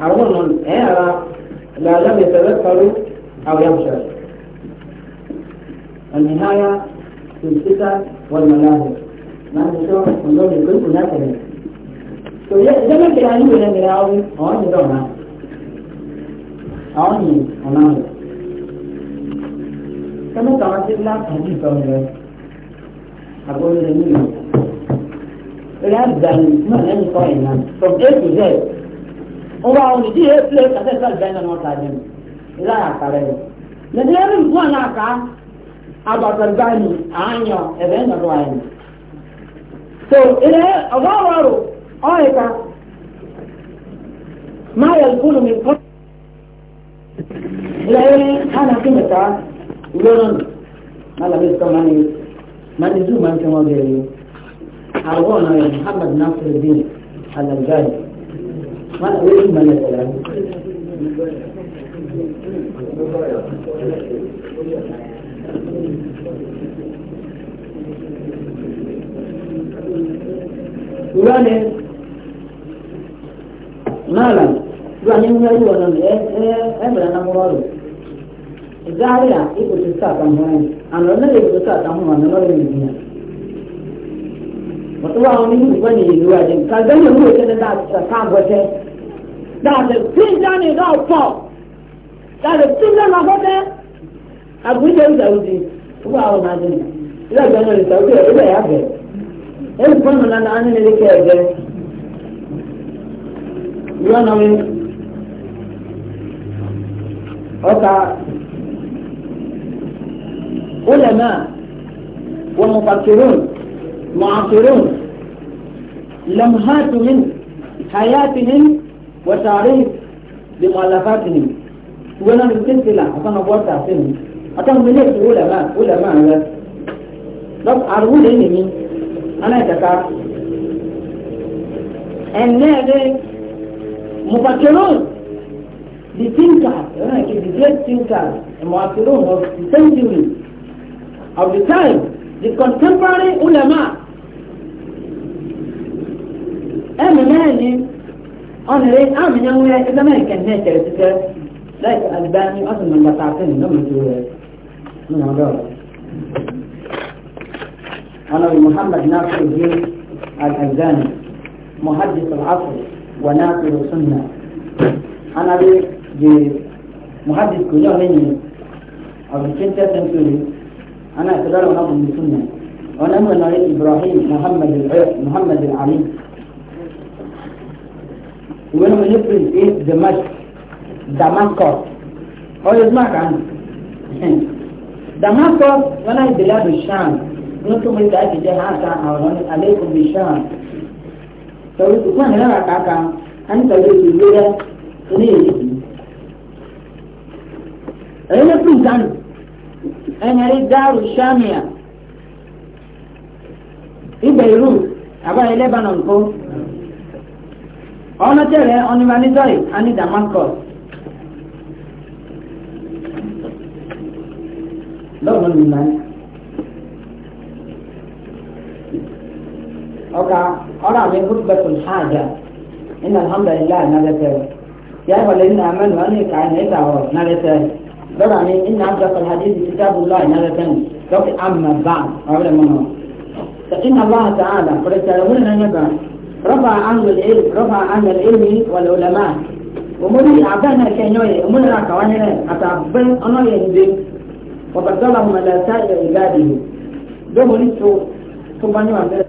حرام أعرى إيه، لا لم يتذكروا أو يمشر النهاية في الستة والملاهر ما نشوف كلهم يكون هناك زمان كده عندي ولا ملا أوي أوني دوما أوني أنا كما تعرف لا حديث أوي أقول لنا مين لا بدل ما نقول طيب طب إيه زين ọwọ́ àwọn ìdí yẹn fi ẹ̀ka tẹ́ sáré bẹ́ẹ̀ náà ọ̀tá jẹun ilá yàtà rẹ̀ yìí lẹ́nu yẹn ní nǹkan náà ká abàtàlì báyìí àányọ̀ ẹ̀rẹ́ ẹ̀yàn lọ́wọ́ ayé so ilẹ̀ ọ̀gá ọ̀rọ̀ ọ̀ẹ̀ka máa yẹ kúrò mi kọ́ ilẹ̀ yẹn hànà kí mẹ́ta lọ́rùn malami sọ mani mani zuu máa ń tẹ́ wọ́n bẹ̀rẹ̀ yìí àwọn ọ̀nà yẹn muhammad nasiru bin alalgari. Running, malam, running wani ụlọ eh eh, eh na murado. Zaria iko tuka kan wani, anan ne iko tuka kan wani na ne wọ́n wá wọn ní ìlú ìgbọ́n ní that the prison is all false. That the prison of others are widows of the who are on the ilé ẹgbẹ náà lè sọ pé ẹgbẹ yà bẹ ẹnu fọnù lánàá á nílé kí ẹgbẹ lọnà mi ọkà wọlé náà wọn mọ pàtìrún mọ àtìrún lọmọ hàtùmí hayàtìmí. وتعريف لمؤلفاتهم وانا من سلسلة عشان ابوات تعفيني عشان مليك علماء علماء بس طب عربون اني مين انا يتكار النادي مفكرون دي تنكر انا كده دي جيت تنكر المؤثرون of the century of the time the contemporary علماء اما مالي أنا ليش أعمل آه، نوع إذا ما كان ناتر تك ليش ألباني أصلا من بتعرفين لما تقول من هذا أنا محمد ناصر الدين الألباني محدث العصر وناصر السنة أنا لي محدث كل يوم أو كنت سنتوري أنا أتدرب نظم السنة ونمر إبراهيم محمد العيق محمد العليم when we look in the match Damascus or oh, is when I belong to Sham no to me that is just answer our own alaikum bi Sham so we go and learn kaka and so we to do that ni ẹ̀yẹ́ fún ìdáná ọ̀nà tẹ̀lé ọ̀nìmánítọ́rì àní damascus lọ́nà nìlá ọ̀gá ọ̀rọ̀ àmì gbọ́dọ̀gbẹ̀tò ṣáàjà nínú alhamdulilayi nàlẹ́tẹ̀rẹ̀ yàrá wọlé nínú amẹ́nu ọ̀nà ìka ẹ̀yìn ìta ọ̀ nàlẹ́tẹ̀rẹ̀ lọ́dọ̀ àmì nínú abdulkọ̀ hadithi kitabu lọ́ọ̀ nàlẹ́tẹ̀rẹ̀ lọ́kì àmà bá ọ̀rẹ́ mọ́nà. sàkínà bá àtàlà pẹ̀lẹ́tẹ̀rẹ̀ wọ́n ní رفع عن العلم رفع عن العلم والعلماء ومن أعطانا كنوية ومن أعطانا أتعبين أنا ينزل وبدلهم على سائر عباده دوم نسو سبحانه وتعالى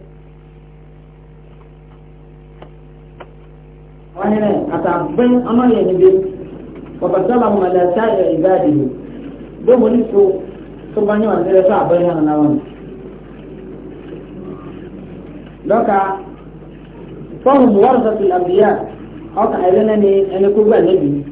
حتى أتعبين أنا ينزل وبدلهم على سائر عباده دوم نسو سبحانه وتعالى تعبين أنا نوان لوكا فهم ورثة الأنبياء أو تحيلنا أن يكون بقى نبي